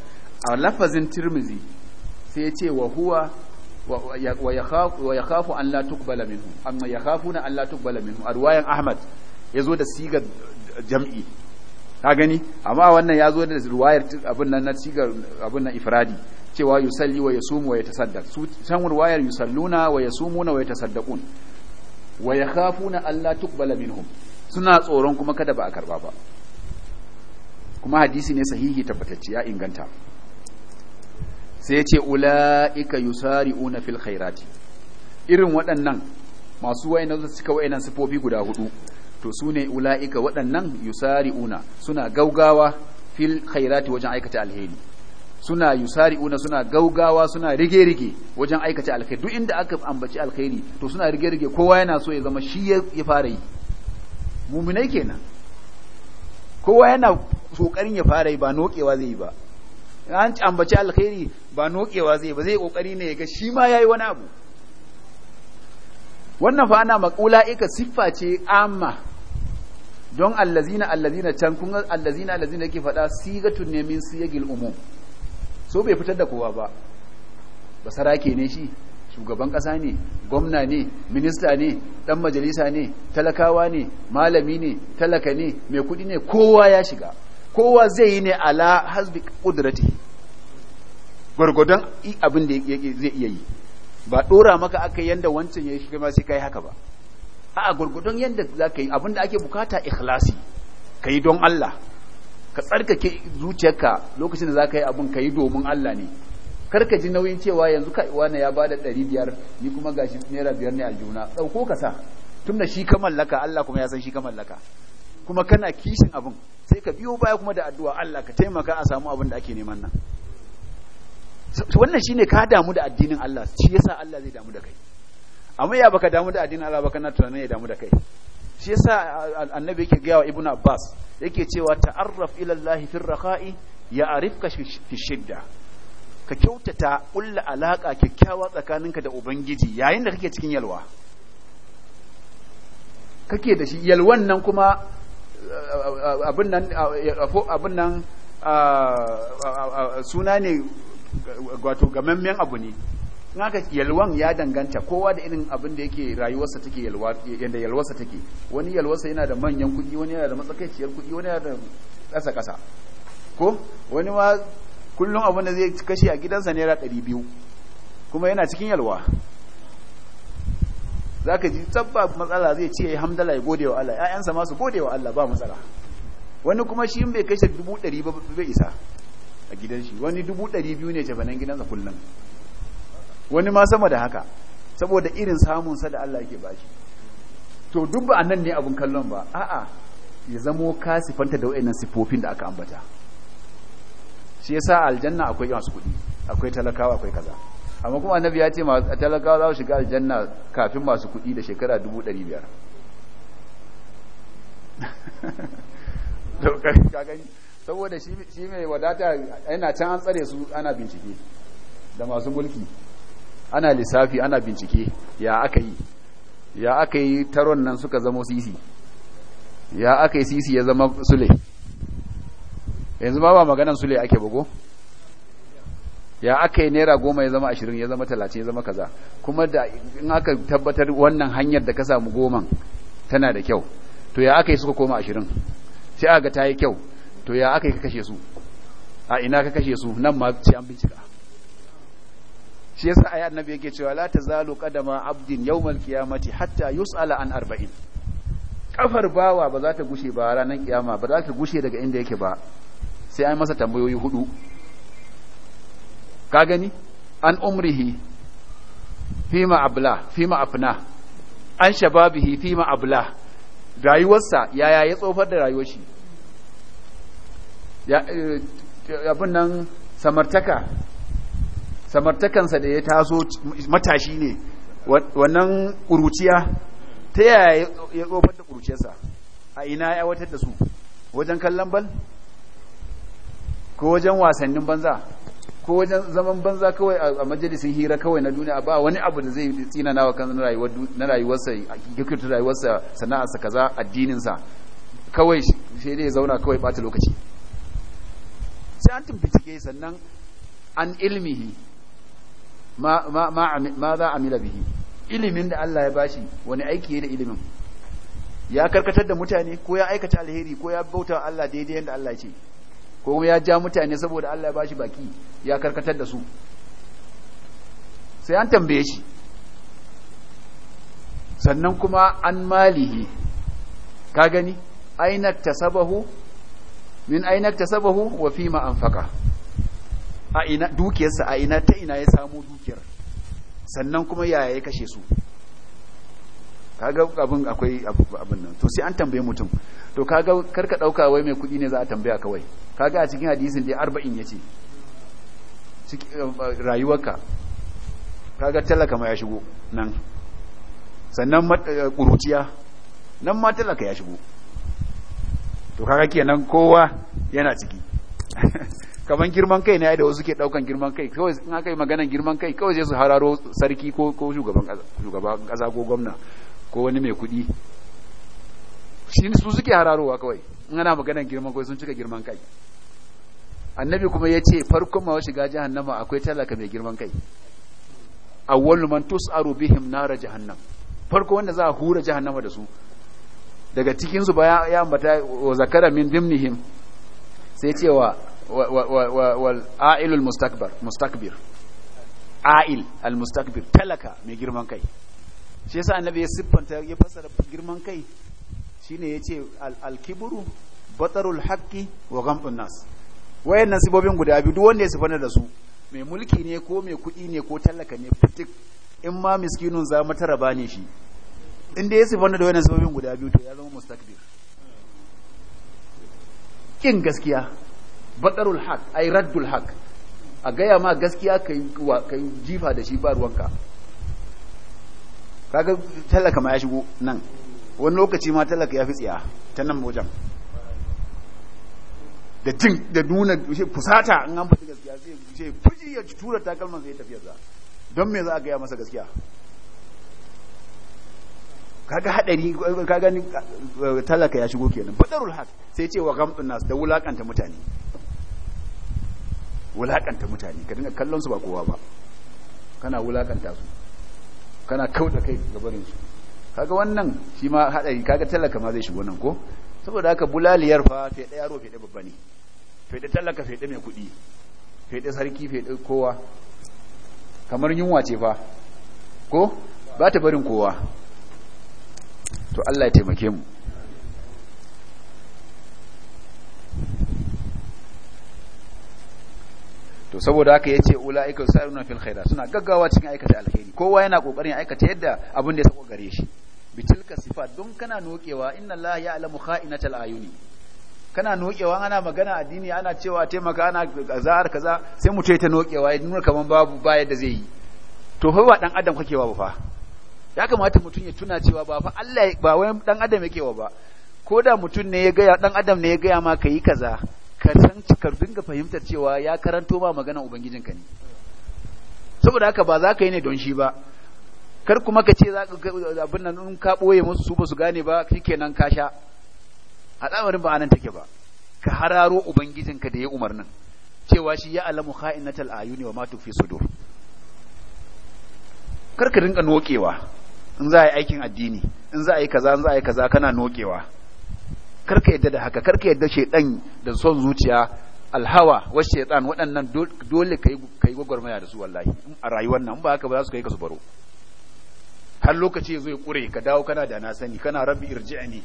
[SPEAKER 1] a lafazin tirmizi sai ya wa huwa wa ya yakhafu an la tuqbala minhum amma ya yakhafuna an la tuqbala A arwayan ahmad ya zo da sigar jam'i ka gani amma wannan ya zo da riwayar abin nan na sigar abin nan ifradi cewa yusalli wa yasumu wa yatasaddaq su san riwayar yusalluna wa yasumuna wa yatasaddaqun wa na an la tuqbala minhum suna tsoron kuma kada ba a karba ba kuma hadisi ne sahihi tabbatacciya inganta sai ce ula'ika una fil khairati irin waɗannan masu wayanan su cika wayanan sifofi guda hudu to su ne ula'ika waɗannan una suna gaugawa fil khairati wajen aikata alheri suna una suna gaugawa suna rige-rige wajen aikata alkhairi duk inda aka ambaci alheri to suna rige-rige kowa yana so ya zama shi ya fara yi muminai kenan kowa yana kokarin ya fara yi ba nokewa zai yi ba an ambaci alkhairi ba nokewa zai ba zai kokari ne ga shi ma yayi wani abu wannan fa ana makula ika siffa ce amma don allazina allazina can kun allazina allazina yake faɗa sigatun ne min siyagil umum so bai fitar da kowa ba basarake ne shi shugaban kasa ne gwamna ne minista ne ɗan majalisa ne talakawa ne malami ne talaka ne mai kudi ne kowa ya shiga kowa zai yi ne ala hasbi qudratihi gwargwadon abin da zai iya yi ba ɗora maka aka yanda wancan ya shiga ma sai kai haka ba a'a gwargwadon yanda ka yi abin da ake bukata ikhlasi yi don Allah ka tsarkake zuciyarka lokacin da za ka yi abin yi domin Allah ne karka ji nauyin cewa yanzu ka wani ya bada ɗari biyar ni kuma gashi naira biyar ne a juna dauko ka sa tun da shi ka mallaka Allah kuma ya san shi ka mallaka kuma kana kishin abin sai ka biyo baya kuma da addu'a Allah ka taimaka a samu abin da ake neman nan wannan shine ka damu da addinin Allah shi yasa Allah zai damu da kai amma ya baka damu da addinin Allah ba kana tunanin ya damu da kai shi yasa annabi yake gaya wa ibnu abbas yake cewa ta'arraf ila Allah fi rakha'i ya'rifka fi shidda ka kyautata ƙulla alaka kyakkyawa tsakaninka da ubangiji yayin da kake cikin yalwa kake da shi yalwan nan kuma abin nan suna ne wato gamammen abu ne in aka yalwan ya danganta kowa da irin abin da yake rayuwarsa take yalwa yanda yalwarsa take wani yalwarsa yana da manyan kuɗi wani yana da matsakaiciyar kuɗi wani yana da ƙasa ƙasa ko wani ma kullum abin da zai kashe a gidansa naira ɗari biyu kuma yana cikin yalwa Za ka ji tabba matsala zai ce ya hamdala ya gode wa Allah 'ya'yansa masu gode wa Allah ba matsala wani kuma shi yin bai kashe dubu ɗari ba bai isa a gidan shi wani dubu ɗari biyu ne jabanan gidansa kullum wani ma sama da haka saboda irin samunsa da Allah yake bashi to dubba ba nan ne abin kallon ba a'a ya zamo ka sifanta da wayannan sifofin da aka ambata shi yasa aljanna akwai masu kuɗi akwai talakawa akwai kaza amma kuma annabi ya ce talakawa za su shiga aljanna kafin masu kuɗi da shekara 500 saboda shi mai wadata yana can an tsare su ana bincike da masu mulki ana lissafi ana bincike ya aka yi ya aka yi taron nan suka zama sisi ya aka yi sisi ya zama sule yanzu ba ba maganan sule ake bugo. ya aka yi naira goma ya zama ashirin ya zama talatin ya zama kaza kuma da in aka tabbatar wannan hanyar da ka samu goman tana da kyau to ya aka yi suka koma ashirin sai aka ta yi kyau to ya aka yi ka kashe su a ina ka kashe su nan ma sai an bincika shi yasa ayat nabi yake cewa la tazalu qadama abdin yawmal qiyamati hatta yus'ala an arba'in kafar bawa ba za ta gushe ba ranar kiyama ba za ta gushe daga inda yake ba sai an masa tambayoyi hudu ka gani an umrihi fima abla fima afna an shababihi fima abla rayuwarsa yaya ya tsofar da rayuwar shi eh, abin nan samartaka samartakansa da ya taso matashi ne wannan ƙuruciya ta yaya ya tsofar da ƙuruciyarsa a ina ya watar da su wajen kallon bal ko wajen wasannin banza ko wajen zaman banza kawai a majalisin hira kawai na duniya ba wani abu da zai tsina nawa kan na rayuwarsa gikirta rayuwarsa sana'arsa kaza addininsa kawai sai dai zauna kawai bata lokaci sai an tumfitike sannan an ilmihi ma za a mila bihi ilimin da Allah ya bashi wani aiki ya da ilimin ya karkatar da mutane ko ya aikata alheri ko ya bauta Allah daidai yadda Allah ce ko ya ja mutane saboda Allah ya bashi baki ya karkatar da su sai an tambaye shi sannan kuma an malihi ka gani aina tasabahu min aina tasabahu wa fi ma anfaqa a ina dukiyarsa a ta ina ya samu dukiyar sannan kuma yaya ya kashe su kaga abin akwai abin nan to sai an tambaye mutum to kaga karka dauka wai mai kudi ne za a tambaya kawai kaga a cikin hadisin da 40 yace rayuwarka kaga talaka ma ya shigo nan sannan kuruciya eh, nan ma talaka ya shigo to kaga kenan kowa yana ciki kaman girman kai ne da wasu ke daukan girman kai kawai in aka yi maganan girman kai kawai sai su hararo sarki ko shugaban kasa ko gwamna ko wani mai kuɗi shi su suke hararowa kawai in ana maganar girman kawai sun cika girman kai annabi kuma ya ce farkon ma shiga jahannama akwai talaka mai girman kai A awwalu tus aro bihim nara jahannam farko wanda za a hura jahannama da su daga cikinsu su baya ya ambata wa zakara min dimnihim sai ce wa wal a'ilul mustakbir a'il al mustakbir talaka mai girman kai shi yasa annabi ya siffanta ya fasara girman kai shine yace al alkiburu batarul haqqi wa ghamdun nas wayannan sibobin guda biyu duk wanda ya sifana da su mai mulki ne ko mai kuɗi ne ko tallaka ne fitik in ma miskinun za matara ba ne shi in dai ya sifana da wayannan sibobin guda biyu to ya zama mustakbir kin gaskiya batarul haq ay raddul haƙ a gaya ma gaskiya kai kai jifa da shi ba ruwanka kaga talaka ma ya shigo nan wani lokaci ma talaka ya fi tsiya ta nan wajen da jin da nuna fusata in an faɗi gaskiya zai ce fuji ya tura takalman zai tafiya za don me za a gaya masa gaskiya kaga hadari kaga ni eh, talaka ya shigo kenan badarul haq sai ce wa gamdun nas da wulakanta mutane wulakanta mutane ka dinga kallon su ba kowa ba kana wulakanta su kana kauta kai ga barin su kaga wannan shi ma hadari kaga talaka ma zai shigo nan ko saboda haka bulaliyar fa fede yaro fede babba ne fede talaka fede mai kuɗi. fede sarki fede kowa kamar yunwa ce fa ko ba ta barin kowa to Allah ya taimake mu to saboda haka yace ulaika sa'iruna fil khaira suna gaggawa cikin aikata alkhairi kowa yana kokarin aikata yadda abin da ya sako gare shi bitilka sifat don kana nokewa inna allaha ya'lamu kha'inatal ayuni kana nokewa ana magana addini ana cewa taimaka ana azar kaza sai mu ta nokewa idan nuna kaman babu ba yadda zai yi to fa wa dan adam kake babu fa ya kamata mutun ya tuna cewa ba fa Allah ba wai dan adam yake wa ba ko da mutun ne ya ga dan adam ne ya ga ma kai kaza ka san ka dinga fahimtar cewa ya karanto ma maganar ubangijinka ne saboda haka ba za ka yi ne don shi ba kar kuma ka ce abin nan in ka ɓoye musu su ba su gane ba kenan ka sha a tsamarin ba anan take ba ka hararo ubangijinka da ya umarnin cewa shi ya alamu kha'inatal ayuni wa ma fi sudur kar ka dinga nokewa in za a yi aikin addini in za a yi kaza in za a yi kaza kana nokewa karka yadda da haka karka yadda shaidan da son zuciya alhawa wa shaitan waɗannan dole ka yi gwagwarmaya da su wallahi a rayuwar nan ba haka ba za su kai ka su baro har lokaci ya zo ya kure ka dawo kana da na sani kana rabbi irji'ani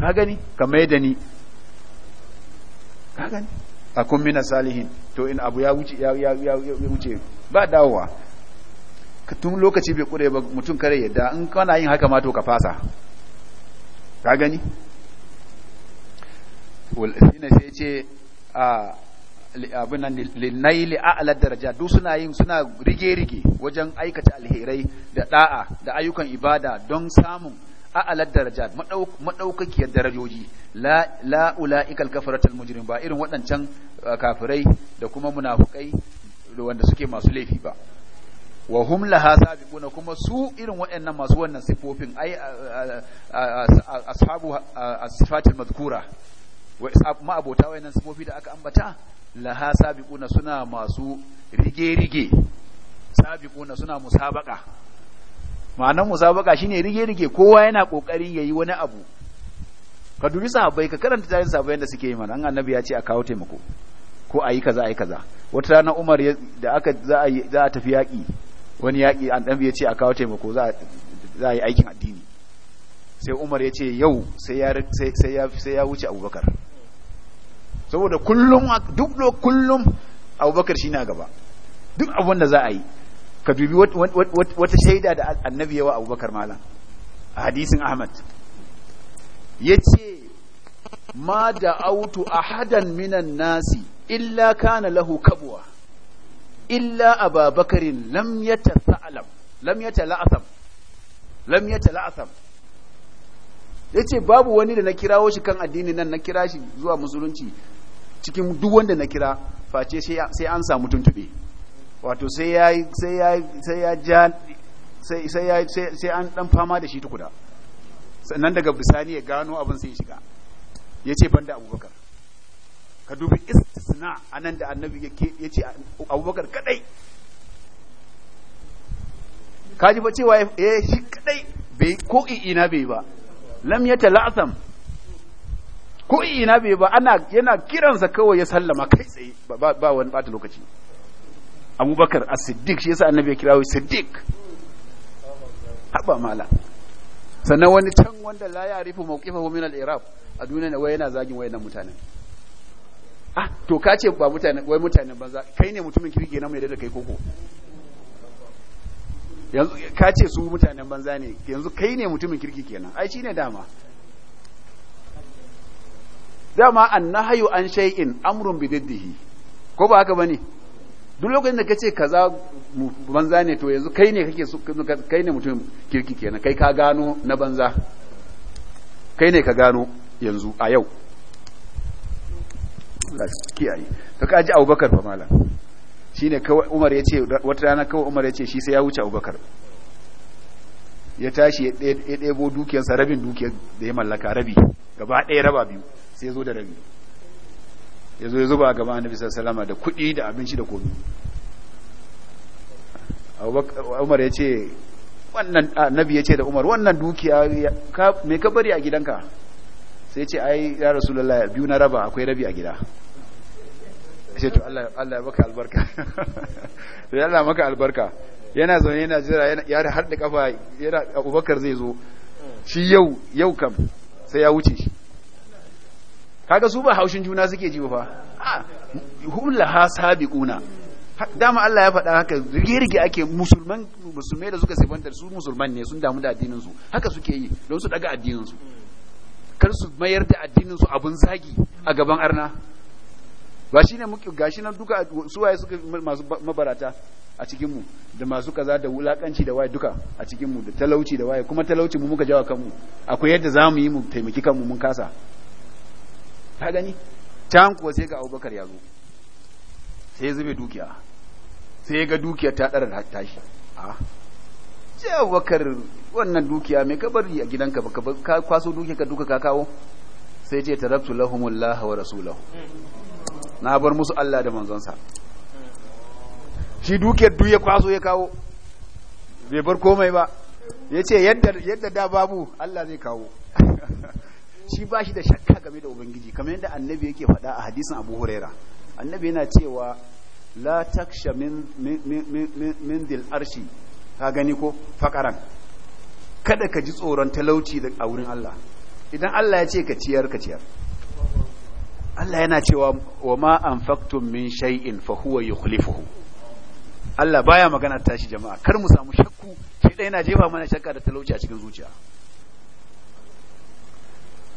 [SPEAKER 1] ka gani ka mai da ni ka gani a kun mina salihin to in abu ya wuce ya wuce ba dawowa tun lokaci bai kure ba mutum kare yadda in kana yin haka ma to ka fasa ka gani shine sai ce a abinan nan linaili daraja duk suna yin suna rige-rige wajen aikata alherai da da'a da ayyukan ibada don samun a'la daraja maɗaukakiyar darajoji la ikal ulaikal mujirin ba irin waɗancan kafirai da kuma munafukai wanda suke masu laifi ba wa hum laha sabiquna kuma su irin waɗannan masu wannan sifofin ai ashabu as madhkura wa ma abota waɗannan sifofi da aka ambata laha sabiquna suna masu rige rige sabiquna suna musabaka ma'anar musabaka shine rige rige kowa yana kokari yayi wani abu ka dubi sahabbai ka karanta tarihin sahabbai da suke yi mana an annabi ya ce a kawo taimako ko ayi kaza ayi kaza wata rana Umar da aka za a tafi yaƙi wani yaƙi an Ɗanbi ya ce a kawo taimako za a yi aikin addini sai umar ya ce yau sai ya wuce abubakar saboda kullum duk da kullum abubakar shi na gaba duk abin da za a yi ka dubi wata shaida da annabi yawa abubakar malam a hadisin ahmad ya ce ma da autu ahadan minan nasi illa kana lahu kabuwa illa ababakarin lam sa’alam, lam la’asam, lam ya ce babu wani da na kirawo shi kan addini nan na kira shi zuwa musulunci cikin duk wanda na kira face sai an samu tuntube wato sai ya sai an dan fama da shi tukuda. sannan daga bisani ya gano abin sai ya shiga yace banda abubakar ka dubi istisna nan da annabi ya ce abubakar kadai ka ji ba cewa ya shi kadai bai ko ina bai ba lam ya tala'asam ko ina bai ba ana yana kiransa kawai ya sallama kai tsaye ba wani bata lokaci abubakar a siddiq shi yasa annabi ya kira wai siddiq haba mala sannan wani can wanda la ya rufe mawqifahu min al a duniya wai yana zagin wayannan mutanen ah to ka ce ba mutane wai mutane banza kai ne mutumin kirki na mai da kai koko yanzu ka ce su mutanen banza ne yanzu kai ne mutumin kirki kenan ai shine dama dama annahyu an shay'in amrun bididdihi ko ba haka bane duk lokacin da kace kaza banza ne to yanzu kai ne kake kai ne mutumin kirki kenan kai ka gano na banza kai ne ka gano yanzu a yau Allah kiyaye to kaji Abubakar fa malam shine kawai Umar yace wata rana kawai Umar yace shi sai ya wuce Abubakar ya tashi ya ɗebo dukiyarsa rabin dukiyar da ya mallaka rabi gaba ɗaya raba biyu sai zo da rabi ya zo ya zuba a gaba annabi sallama da kuɗi da abinci da komi umar ya ce wannan annabi ya ce da umar wannan dukiya me ka bari a gidanka sai ce ai ya rasulullah biyu na raba akwai rabi a gida ce to Allah ya maka albarka to Allah maka albarka yana zaune yana jira ya har da kafa yana Abubakar zai zo shi yau yau kam sai ya wuce shi kaga su ba haushin juna suke ji fa hullaha sabiquna dama Allah ya faɗa haka rige-rige ake musulman musulmai da suka sifanta su musulman ne sun damu da addinin su haka suke yi don su daga addinin su kar su mayar da addinin su abun zagi a gaban arna ba shi ne muke gashi nan duka suwaye suka masu mabarata a cikinmu da masu kaza da wulakanci da waye duka a cikinmu da talauci da waye kuma talauci mu muka jawa kanmu akwai yadda za mu yi mu taimaki kanmu mun kasa ka gani can kuwa sai ga abubakar ya zo sai ya zube dukiya sai ga dukiya ta ɗara tashi a ce abubakar wannan dukiya mai kabari a gidanka ba ka kwaso dukiya ka duka ka kawo sai ce tarabtu lahumullah wa rasulahu na bar musu Allah da manzonsa shi dukiyar duk ya kwaso ya kawo bai bar komai ba ya ce yadda da babu Allah zai kawo shi ba shi da shakka game da ubangiji kamar yadda annabi yake faɗa a hadisin abu huraira annabi yana cewa la taksha min dil arshi ka gani ko fakaran kada ka ji tsoron talauci a wurin Allah idan Allah ya ce ka ciyar ka ciyar Allah yana cewa wa ma anfaqtum min shay'in fa huwa yukhlifuhu Allah baya magana ta tashi jama'a kar mu samu shakku shi dai yana jefa mana shakka da talauci a cikin zuciya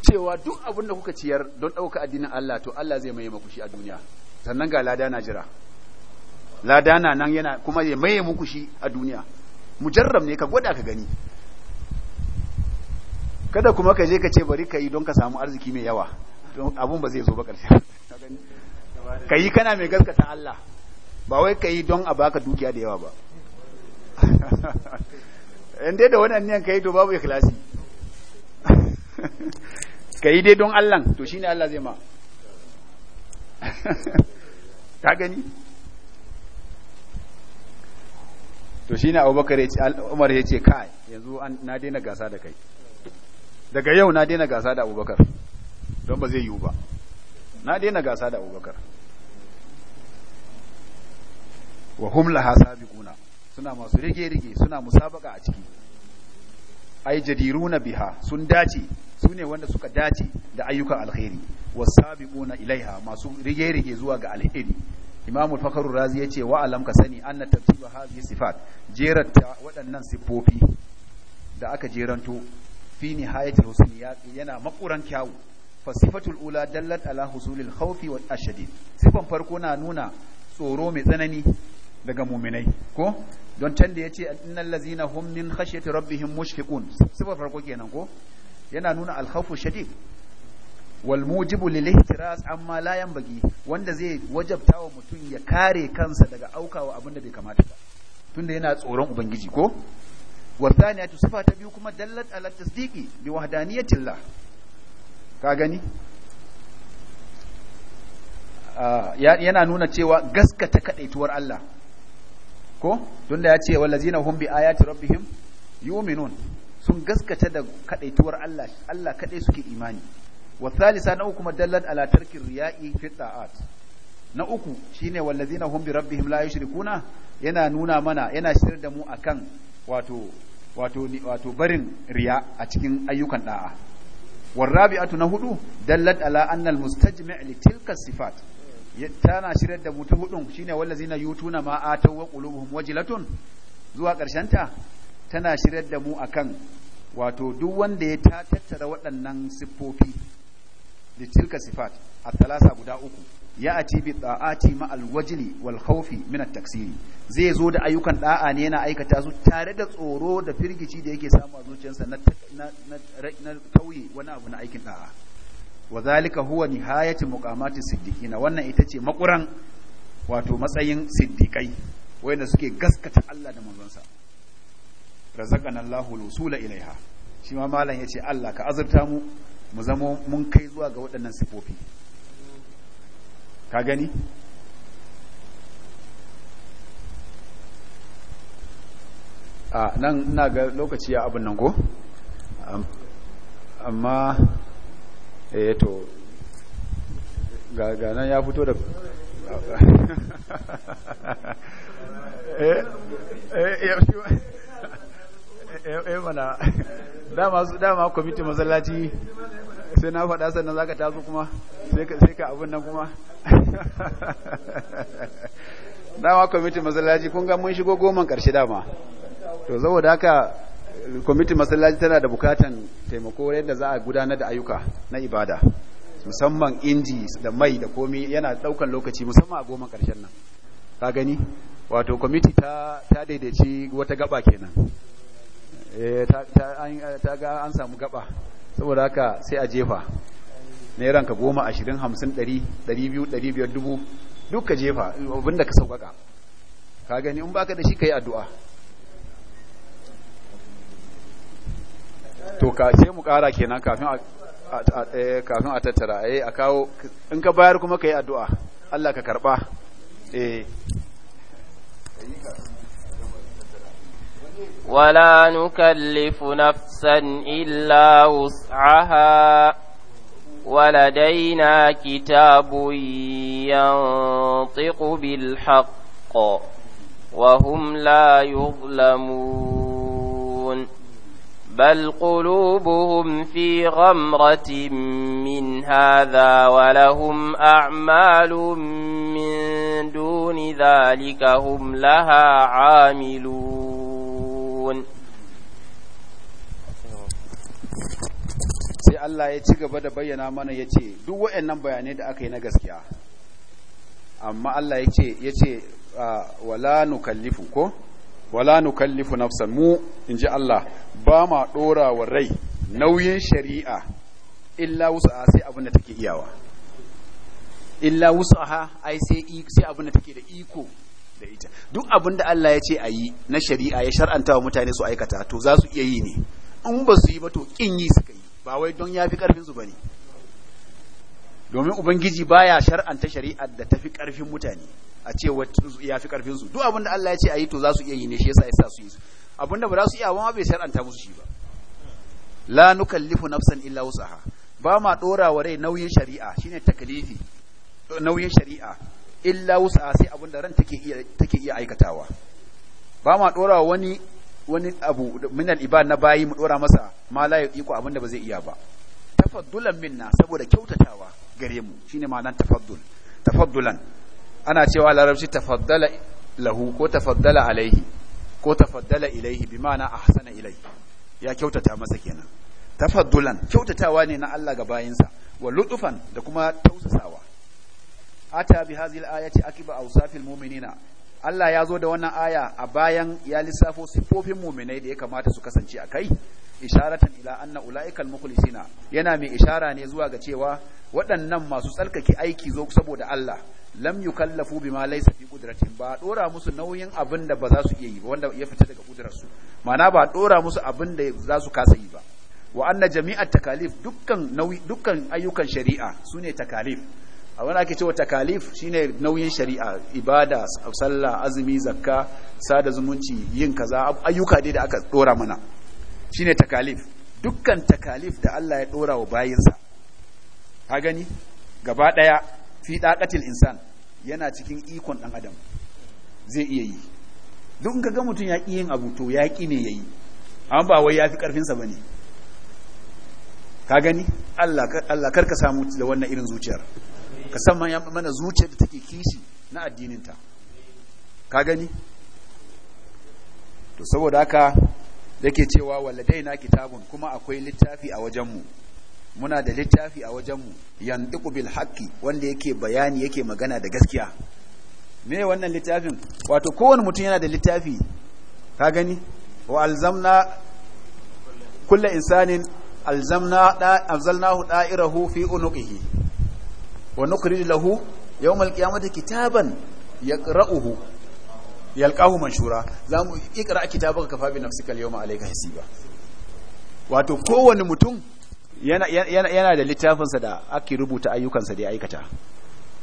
[SPEAKER 1] cewa duk abin da kuka ciyar don ɗauka addinin Allah to Allah zai maye muku shi a duniya sannan ga lada na jira lada na nan yana kuma ya maye muku shi a duniya mujarrab ne ka gwada ka gani kada kuma ka je ka ce bari ka yi don ka samu arziki mai yawa abun ba zai zo ba ƙarshe ka yi kana mai gaskata Allah ba wai ka yi don a baka dukiya da yawa ba in dai da wannan niyan ka yi to babu ikhlasi ka yi dai don Allah to shine Allah zai ma ta gani to shi ne Abubakar Umar ya ce kai yanzu na daina gasa da kai daga yau na daina gasa da Abubakar don ba zai yiwu ba na daina gasa da abubakar wa ha laha kuna suna masu rige-rige suna musabaka a ciki ai na biha sun dace su ne wanda suka dace da ayyukan alheri. alkhairi na ilaiha masu rige-rige zuwa ga alheri imamu fakarun razi ya wa alam ka sani anna ha sifat jerarta waɗannan siffofi da aka jeranto fi nihayatil husni yana makuran kyawu fasifatul ula dallat ala husulil khawfi wal ashadid sifan farko na nuna tsoro mai tsanani daga muminai ko don can da yace innal ladzina hum min khashyati rabbihim mushfiqun sifan farko kenan ko yana nuna al khawfu shadid wal mujibu lil ihtiras amma la yanbaghi wanda zai wajabtawa wa mutum ya kare kansa daga aukawa abin da bai kamata ba tunda yana tsoron ubangiji ko والثانية biyu kuma dallat ala tasdiqi bi wahdaniyatillah ka gani ah, yana nuna cewa gaskata kadaituwar Allah ko don da ya ce wallazina hum bi ayati rabbihim yu'minun sun gaskata da kadaituwar Allah Allah kadai suke imani wa thalisa na uku madallat ala tarkir riya'i fi ta'at na uku shine wallazina hum bi rabbihim la yushrikuna yana nuna mana yana shirya da mu akan wato wato wato barin riya a cikin ayyukan da'a warrabi'atu na hudu dallat ala anna almustajmi' li tilka sifat tana shirar da mu ta hudun shine wallazina yutuna ma ta wa qulubuhum wajilatun zuwa karshen ta tana shirar da mu akan wato duk wanda ya tattara waɗannan siffofi da sifat a talasa guda uku ya'ati bi ta'ati ma alwajli wal khawfi min at-taksiri zai zo da ayyukan da'a ne yana aikata su tare da tsoro da firgici da yake samu a zuciyarsa na na tauye wani abu na aikin da'a wa zalika huwa nihayati muqamati siddiqina wannan ita ce makuran wato matsayin siddiqai wanda suke gaskata Allah da manzonsa razaqana Allahu al-wusula ilaiha shi ma malam yace Allah ka azurta mu mu zamo mun kai zuwa ga waɗannan sifofi ka gani a nan na ga lokaci ya abin nan ko amma eh to ga nan ya fito da eh, eh, eh, eh mana dama kwamitin masallaci sai na faɗa sannan za ka taso kuma sai ka abin nan kuma dama kwamitin masallaci kun ga mun shigo goman ƙarshe dama to saboda haka kwamitin masallaci tana da bukatan taimako yadda za a gudanar da ayyuka na ibada musamman inji da mai da komi yana ɗaukan lokaci musamman a goman ƙarshen nan ka gani wato kwamiti ta daidaici wata gaba kenan eh, ta ga an samu gaba saboda haka sai a jefa neran ka goma ashirin hamsin ɗari ɗari biyu ɗari biyar dubu duk ka jefa da ka sauƙaƙa ka gani in baka da shi ka yi addu'a to ka sai mu ƙara kenan kafin eh, kafin a tattara eh a kawo in ka bayar kuma ka yi addu'a
[SPEAKER 2] Allah ka karɓa eh ولا نكلف نفسا إلا وسعها ولدينا كتاب ينطق بالحق وهم لا يظلمون بل قلوبهم في غمرة من هذا ولهم أعمال من دون ذلك هم لها عاملون yasnaun
[SPEAKER 1] sai Allah ya ci gaba da bayyana mana ya ce duk waɗannan bayanai da aka yi na gaskiya amma Allah ya ce ya ce ah, wala nukallifu ko wala nukallifu nafsan mu in ji Allah ba ma ɗora wa rai nauyin shari'a illa wusa'a sai abin da take iyawa illa wusa'a ai sai abin da take da iko da ita duk abin da Allah ya ce a yi na shari'a ya shar'anta wa mutane su aikata to za su iya yi ne in ba su yi ba to kin yi suka yi ba wai don ya fi karfin su bane domin ubangiji baya shar'anta shari'ar da ta fi karfin mutane a ce ya fi karfin su duk abin da Allah ya ce a yi to za su iya yi ne shi yasa ya sa su yi abin da ba za su iya ba bai shar'anta musu shi ba la nukallifu nafsan illa wusaha ba ma dora wa rai nauyin shari'a shine taklifi nauyin shari'a illa wusa sai abin da ran take iya aikatawa ba ma ɗora wani wani abu min iba ibad na bayi mu ɗora masa ma la yuqiqu abin da ba zai iya ba tafaddulan minna saboda kyautatawa gare mu shine ma'anar tafaddul tafaddulan ana cewa larabci tafaddala lahu ko tafaddala alaihi ko tafaddala ilaihi bi ma'ana ahsana ilaihi ya kyautata masa kenan tafaddulan kyautatawa ne na Allah ga bayinsa wa lutufan da kuma tausasawa ata bi hadhihi al-ayati akiba awsafil mu'minina Allah ya zo da wannan aya a bayan ya lissafo sifofin muminai da ya kamata su kasance a kai, isharatan ila anna al mukhlisina yana mai ishara ne zuwa ga cewa waɗannan masu tsalkake aiki zo saboda Allah lam yukallafu bima laysa fi qudratin ba dora musu nauyin abin da ba za su iya yi ba wanda ya fita daga su ma'ana ba dora musu abin da za su kasa yi ba wa anna jami'at takalif dukkan nauyi dukkan ayyukan shari'a sune takalif abin ake wa takalif shine nauyin shari'a ibada sallah azumi zakka sada zumunci yin kaza ayyuka dai da aka dora mana shine takalif dukkan takalif da Allah ya dora wa bayinsa ka gani gaba daya fi daqatil insan yana cikin ikon dan adam zai iya yi duk in kaga mutum ya yin abu to ya ki ne yayi an ba wai yafi karfin sa bane ka gani Allah Allah karka samu da wannan irin zuciyar ka san mana zuciyar da take kishi na addininta ka gani to saboda haka yake cewa na kitabun kuma akwai littafi a wajenmu muna da littafi a wajenmu yandiku bil haqqi wanda yake bayani yake magana da gaskiya me wannan littafin wato kowane mutum yana da littafi ka gani wa alzamna kullu insanin alzamna da azalnahu da'irahu fi unuqihi wa nukhrij lahu yawm al-qiyamati kitaban yaqra'uhu yalqahu manshura zamu ikra kitabaka kafa bi nafsika alyawma alayka hisiba wato kowanne mutum yana yana da littafinsa da ake rubuta ayyukansa da ya aikata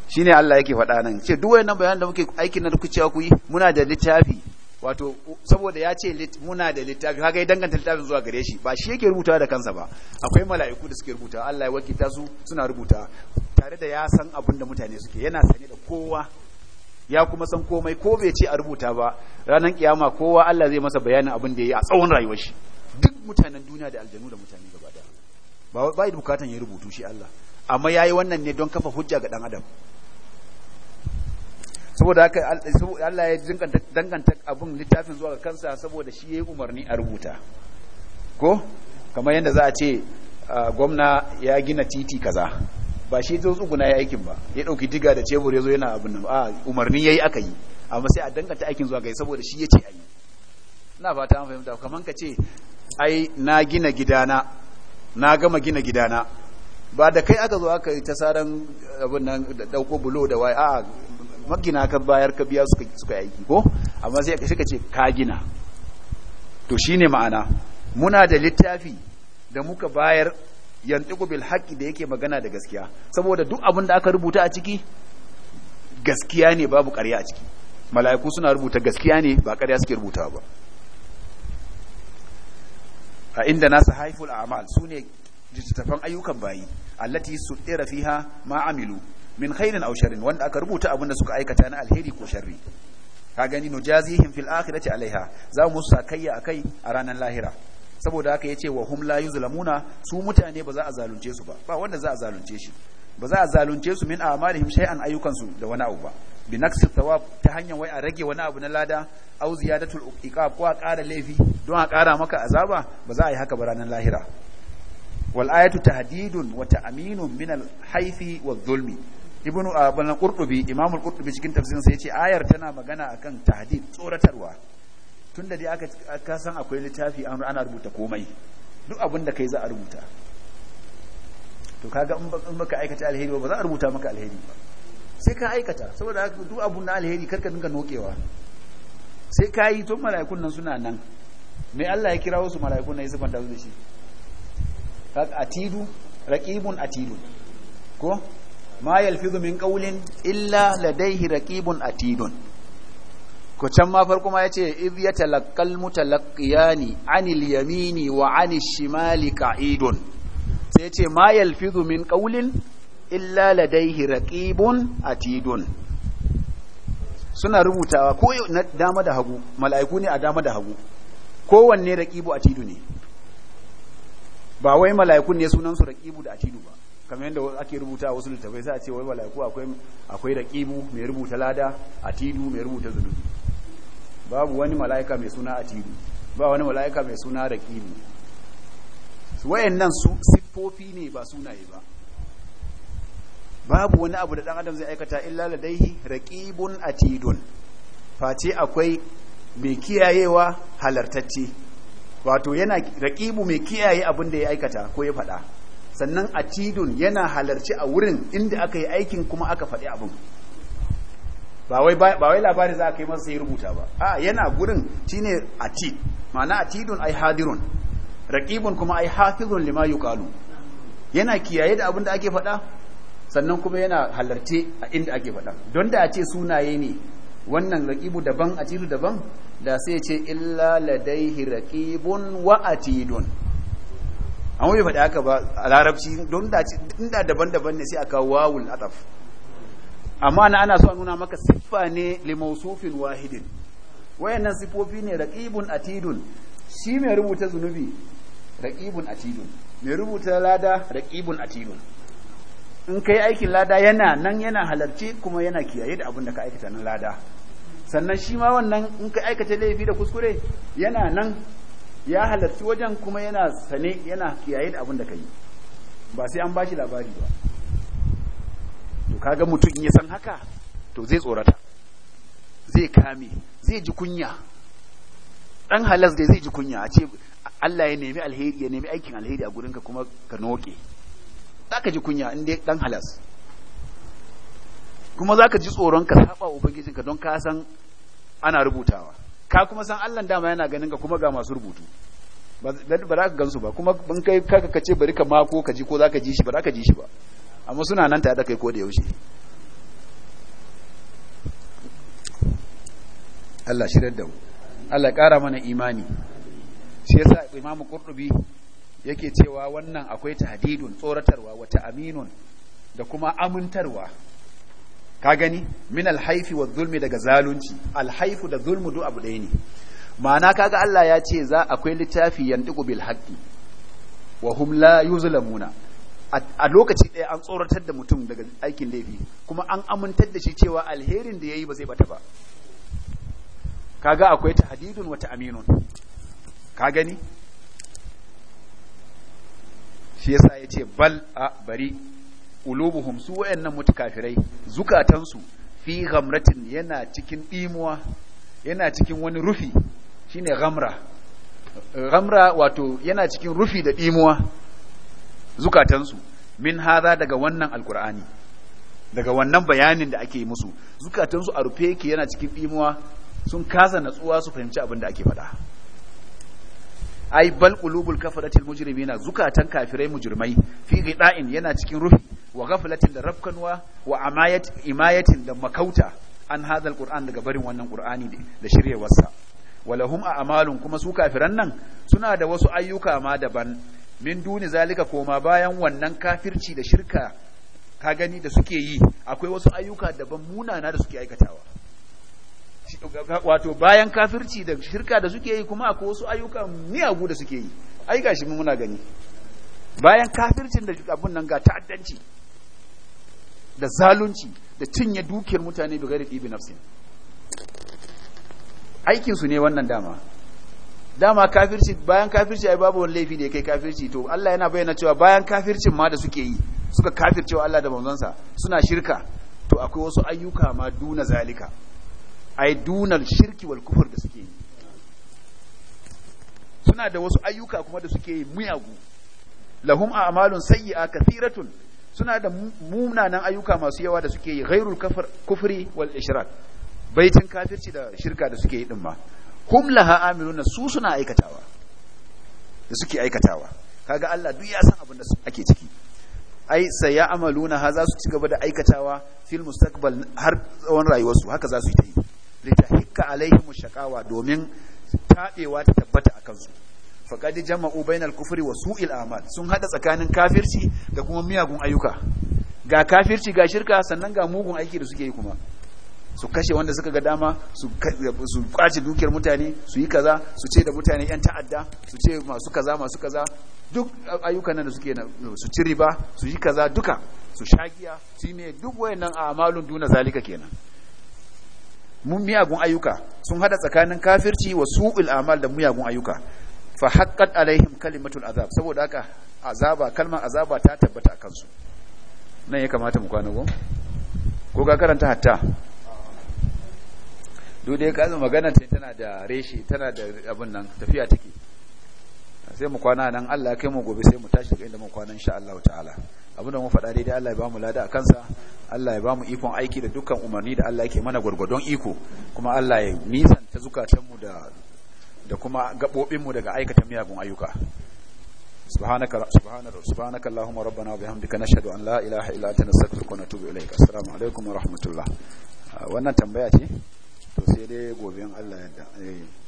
[SPEAKER 1] shine Allah yake faɗa nan ce duk wayannan bayanan da muke aikin na kuke cewa ku yi muna da littafi wato saboda ya ce muna da littafi haka ya danganta littafin zuwa gare shi ba shi yake rubuta da kansa ba akwai mala'iku da suke rubuta Allah ya wakilta su suna rubuta tare da ya san abin da mutane suke yana sane da kowa ya kuma san komai ko bai ce a rubuta ba ranar kiyama kowa Allah zai masa bayanin abin da ya yi a tsawon rayuwar shi duk mutanen duniya da aljanu da mutane gaba daya ba ba bukatan ya rubutu shi Allah amma yayi wannan ne don kafa hujja ga dan adam saboda haka Allah ya danganta abun littafin zuwa ga kansa saboda shi ya umarni a rubuta ko kamar yadda za a ce gwamna ya gina titi kaza ba shi zo tsuguna ya aikin ba ya dauki diga da cebur ya zo yana abin nan a umarni ya aka yi amma sai a danganta aikin zuwa ga saboda shi ya ce a yi fata an fahimta kamar ka ce ai na gina gidana na gama gina gidana ba da kai aka zo aka yi ta saran abin nan dauko bulo da wai a magina ka bayar ka biya suka suka aiki ko amma sai ka ce ka gina to shine ma'ana muna da littafi da muka bayar yanzu bil haqqi da yake magana da gaskiya saboda duk abin da aka rubuta a ciki gaskiya ne babu ƙarya a ciki mala'iku suna rubuta gaskiya ne ba ƙarya suke rubuta ba a inda nasu haiful a'mal sune littattafan ayyukan bayi allati suddira fiha ma amilu min khairin aw sharrin wanda aka rubuta abin da suka aikata na alheri ko sharri ka gani no jazihim fil akhirati alaiha za mu sakayya akai a ranar lahira saboda haka yace wa hum la yuzlamuna su mutane ba za a zalunce su ba ba wanda za a zalunce shi ba za a zalunce su min a'malihim shay'an ayyukansu da wani abu ba bi naqsi thawab ta hanyar wai a rage wani abu na lada aw ziyadatul iqab ko a ƙara laifi don a ƙara maka azaba ba za a yi haka ba ranar lahira wal ayatu tahdidun wa ta'minun min al haythi wa dhulmi ibnu ah, abul qurtubi imamul qurtubi cikin tafsirin sa yace ayar tana magana akan tahdid tsoratarwa tunda dai aka ka san akwai littafi an ana rubuta komai duk abin da kai za a rubuta to kaga in baka aikata alheri ba za a rubuta maka alheri ba sai ka aikata saboda duk abun na alheri karka dinga nokewa sai ka yi to mala'ikun nan suna nan mai Allah ya kira wasu mala'ikun nan ya zubanta su da shi atidu raqibun atidu ko ma yalfizu min qawlin illa ladayhi raqibun atidun ko can ma farko ma yace iz yatalaqqal mutalaqqiyani anil yamini wa anish shimali qa'idun sai yace ma yalfizu min qawlin illa ladayhi raqibun atidun suna rubutawa ko na dama da hagu mala'iku ne a dama da hagu kowanne raqibu atidu ne ba wai mala'iku ne sunan su raqibu da atidu ba kamar yadda ake rubuta wasu littafai sai a ce wai mala'iku akwai akwai kibu mai rubuta lada atidu mai rubuta zunubi babu wani mala'ika mai suna atidu ba wani mala'ika mai suna su wayannan su siffofi ne ba sunaye ba babu wani abu da dan adam zai aikata illa ladaihi raqibun atidun face akwai mai kiyayewa halartacce wato yana raqibu mai kiyaye abin da ya aikata ko ya fada. sannan a atidun yana halarci a wurin inda aka yi aikin kuma aka faɗi abin ba wai labari za a kai masa sai rubuta ba a yana gurin a atid ma'ana atidun ai hadirun raqibun kuma ai hafizun lima ƙalu yana kiyaye da abin da ake faɗa sannan kuma yana halarci a inda ake faɗa don da a ce sunaye ne wannan raƙibu daban a tidu daban da sai ce illa ladaihi raƙibun wa a atidun an wani faɗi haka ba a larabci don da inda daban-daban ne sai aka wawul ataf amma na ana so a nuna maka siffa ne limausufin wahidin wayannan sifofi ne raƙibun atidun shi mai rubuta zunubi raƙibun atidun mai rubuta lada raƙibun atidun in kai aikin lada yana nan yana halarci kuma yana kiyaye da abin da ka aikata na lada sannan shi ma wannan in ka aikata laifi da kuskure yana nan ya halarci wajen kuma yana sane yana kiyaye da abin da ka yi ba sai an ba shi labari ba to kaga mutum in ya san haka to zai tsorata zai kame zai ji kunya dan halas dai zai ji kunya a ce Allah ya nemi alheri ya nemi aikin alheri a gurinka kuma ka noke zaka ji kunya in dai dan halas kuma zaka ji tsoron ka saba ubangijinka don ka san ana rubutawa ka kuma san Allah dama yana ganin ka kuma ga masu rubutu ba za ka gansu ba kuma in kai kaka ka ce bari ka mako ka ji ko za ka ji shi ba za ka ji shi ba amma suna nan tare da kai ko da yaushe Allah shirar da mu Allah ƙara mana imani shi yasa Imam Qurtubi yake cewa wannan akwai tahdidun tsoratarwa wata aminun da kuma amintarwa ka gani min alhaifi wa zulmi daga zalunci alhaifu da zulmu duk abu ɗaya ne ma'ana kaga Allah ya ce za akwai littafi yantiqu bil haqqi wa hum la yuzlamuna a lokaci ɗaya an tsoratar da mutum daga aikin laifi kuma an amintar da shi cewa alherin da yayi ba zai bata ba kaga akwai tahdidun wata ta'minun ka gani shi yasa yace bal a bari ulubuhum su wayannan mutakafirai zukatansu fi ghamratin yana cikin dimuwa yana cikin wani rufi shine ghamra ghamra wato yana cikin rufi da dimuwa zukatansu min hadha daga wannan alqur'ani daga wannan bayanin da ake musu zukatansu a rufe yake yana cikin dimuwa sun kasa natsuwa su fahimci abin da ake faɗa ai bal qulubul kafaratil mujrimina zukatan kafirai mujrimai fi ghida'in yana cikin rufi wa ghaflatin da rafkanwa wa amayat imayatin da makauta an hadha alquran daga barin wannan qur'ani da shiryewarsa walahum a'malun kuma su kafiran nan suna da wasu ayyuka ma daban min duni zalika koma bayan wannan kafirci da shirka ka gani da suke yi akwai wasu ayyuka daban munana da suke aikatawa wato bayan kafirci da shirka da suke yi kuma akwai wasu ayyuka miyagu da suke yi ai gashi muna gani bayan kafircin da abun nan ga ta'addanci da zalunci da cinye dukiyar mutane bi gari ɗibi nafsin aikinsu ne wannan dama dama kafirci bayan kafirci ai babu wani laifi da ya kai kafirci to Allah yana bayyana cewa bayan kafircin ma da suke yi suka kafircewa Allah da manzonsa suna shirka to akwai wasu ayyuka ma duna zalika ai dunan shirki wal kufur da suke yi suna da wasu ayyuka kuma da suke yi muyagu lahum a'malun sayyi'a kathiratun suna da munanan ayyuka masu yawa da suke yi ghairul kufri wal ishrak baitin kafirci da shirka da suke yi din ma hum laha amiluna su suna aikatawa da suke aikatawa kaga Allah duk ya san abin da ake ciki ai sayyamaluna ha za su ci gaba da aikatawa fil mustaqbal har tsawon rayuwarsu haka za su yi ta yi litahikka alaihimu shaqawa domin tabewa ta tabbata akan su faqad jama'u bainal kufri wa su'il a'mal sun haɗa tsakanin kafirci da kuma miyagun ayyuka ga kafirci ga shirka sannan ga mugun aiki da suke yi kuma su kashe wanda suka ga dama su ƙwace dukiyar mutane su yi kaza su ce da mutane yan ta'adda su ce masu kaza masu kaza duk ayyukan nan da suke su ci riba su yi kaza duka su shagiya su ne duk wayannan amalun duna zalika kenan mun miyagun ayyuka sun hada tsakanin kafirci wa su'il amal da miyagun ayyuka fa haqqat alaihim kalimatul azab saboda haka azaba kalmar azaba ta tabbata a kansu nan ya kamata mu kwana go ko ga karanta hatta duk dai zama magana ce tana da reshi tana da abin nan tafiya take sai mu kwana nan Allah ya kai mu gobe sai mu tashi daga inda mu kwana insha Allah ta'ala da mu faɗa dai-dai Allah ya mu lada a kansa Allah ya mu ikon aiki da dukkan umarni da Allah yake mana gurgurdon iko kuma Allah ya nisanta zukatanmu da da kuma gaɓoɓinmu daga aikata miyagun ayyuka subhanaka subhanaka subhanaka allahumma rabbana wa bihamdika nashhadu an la ilaha illa anta nastaghfiruka wa natubu ilaik assalamu alaikum wa rahmatullah ah, wannan tambaya ce to sai dai gobe in Allah ya yarda eh.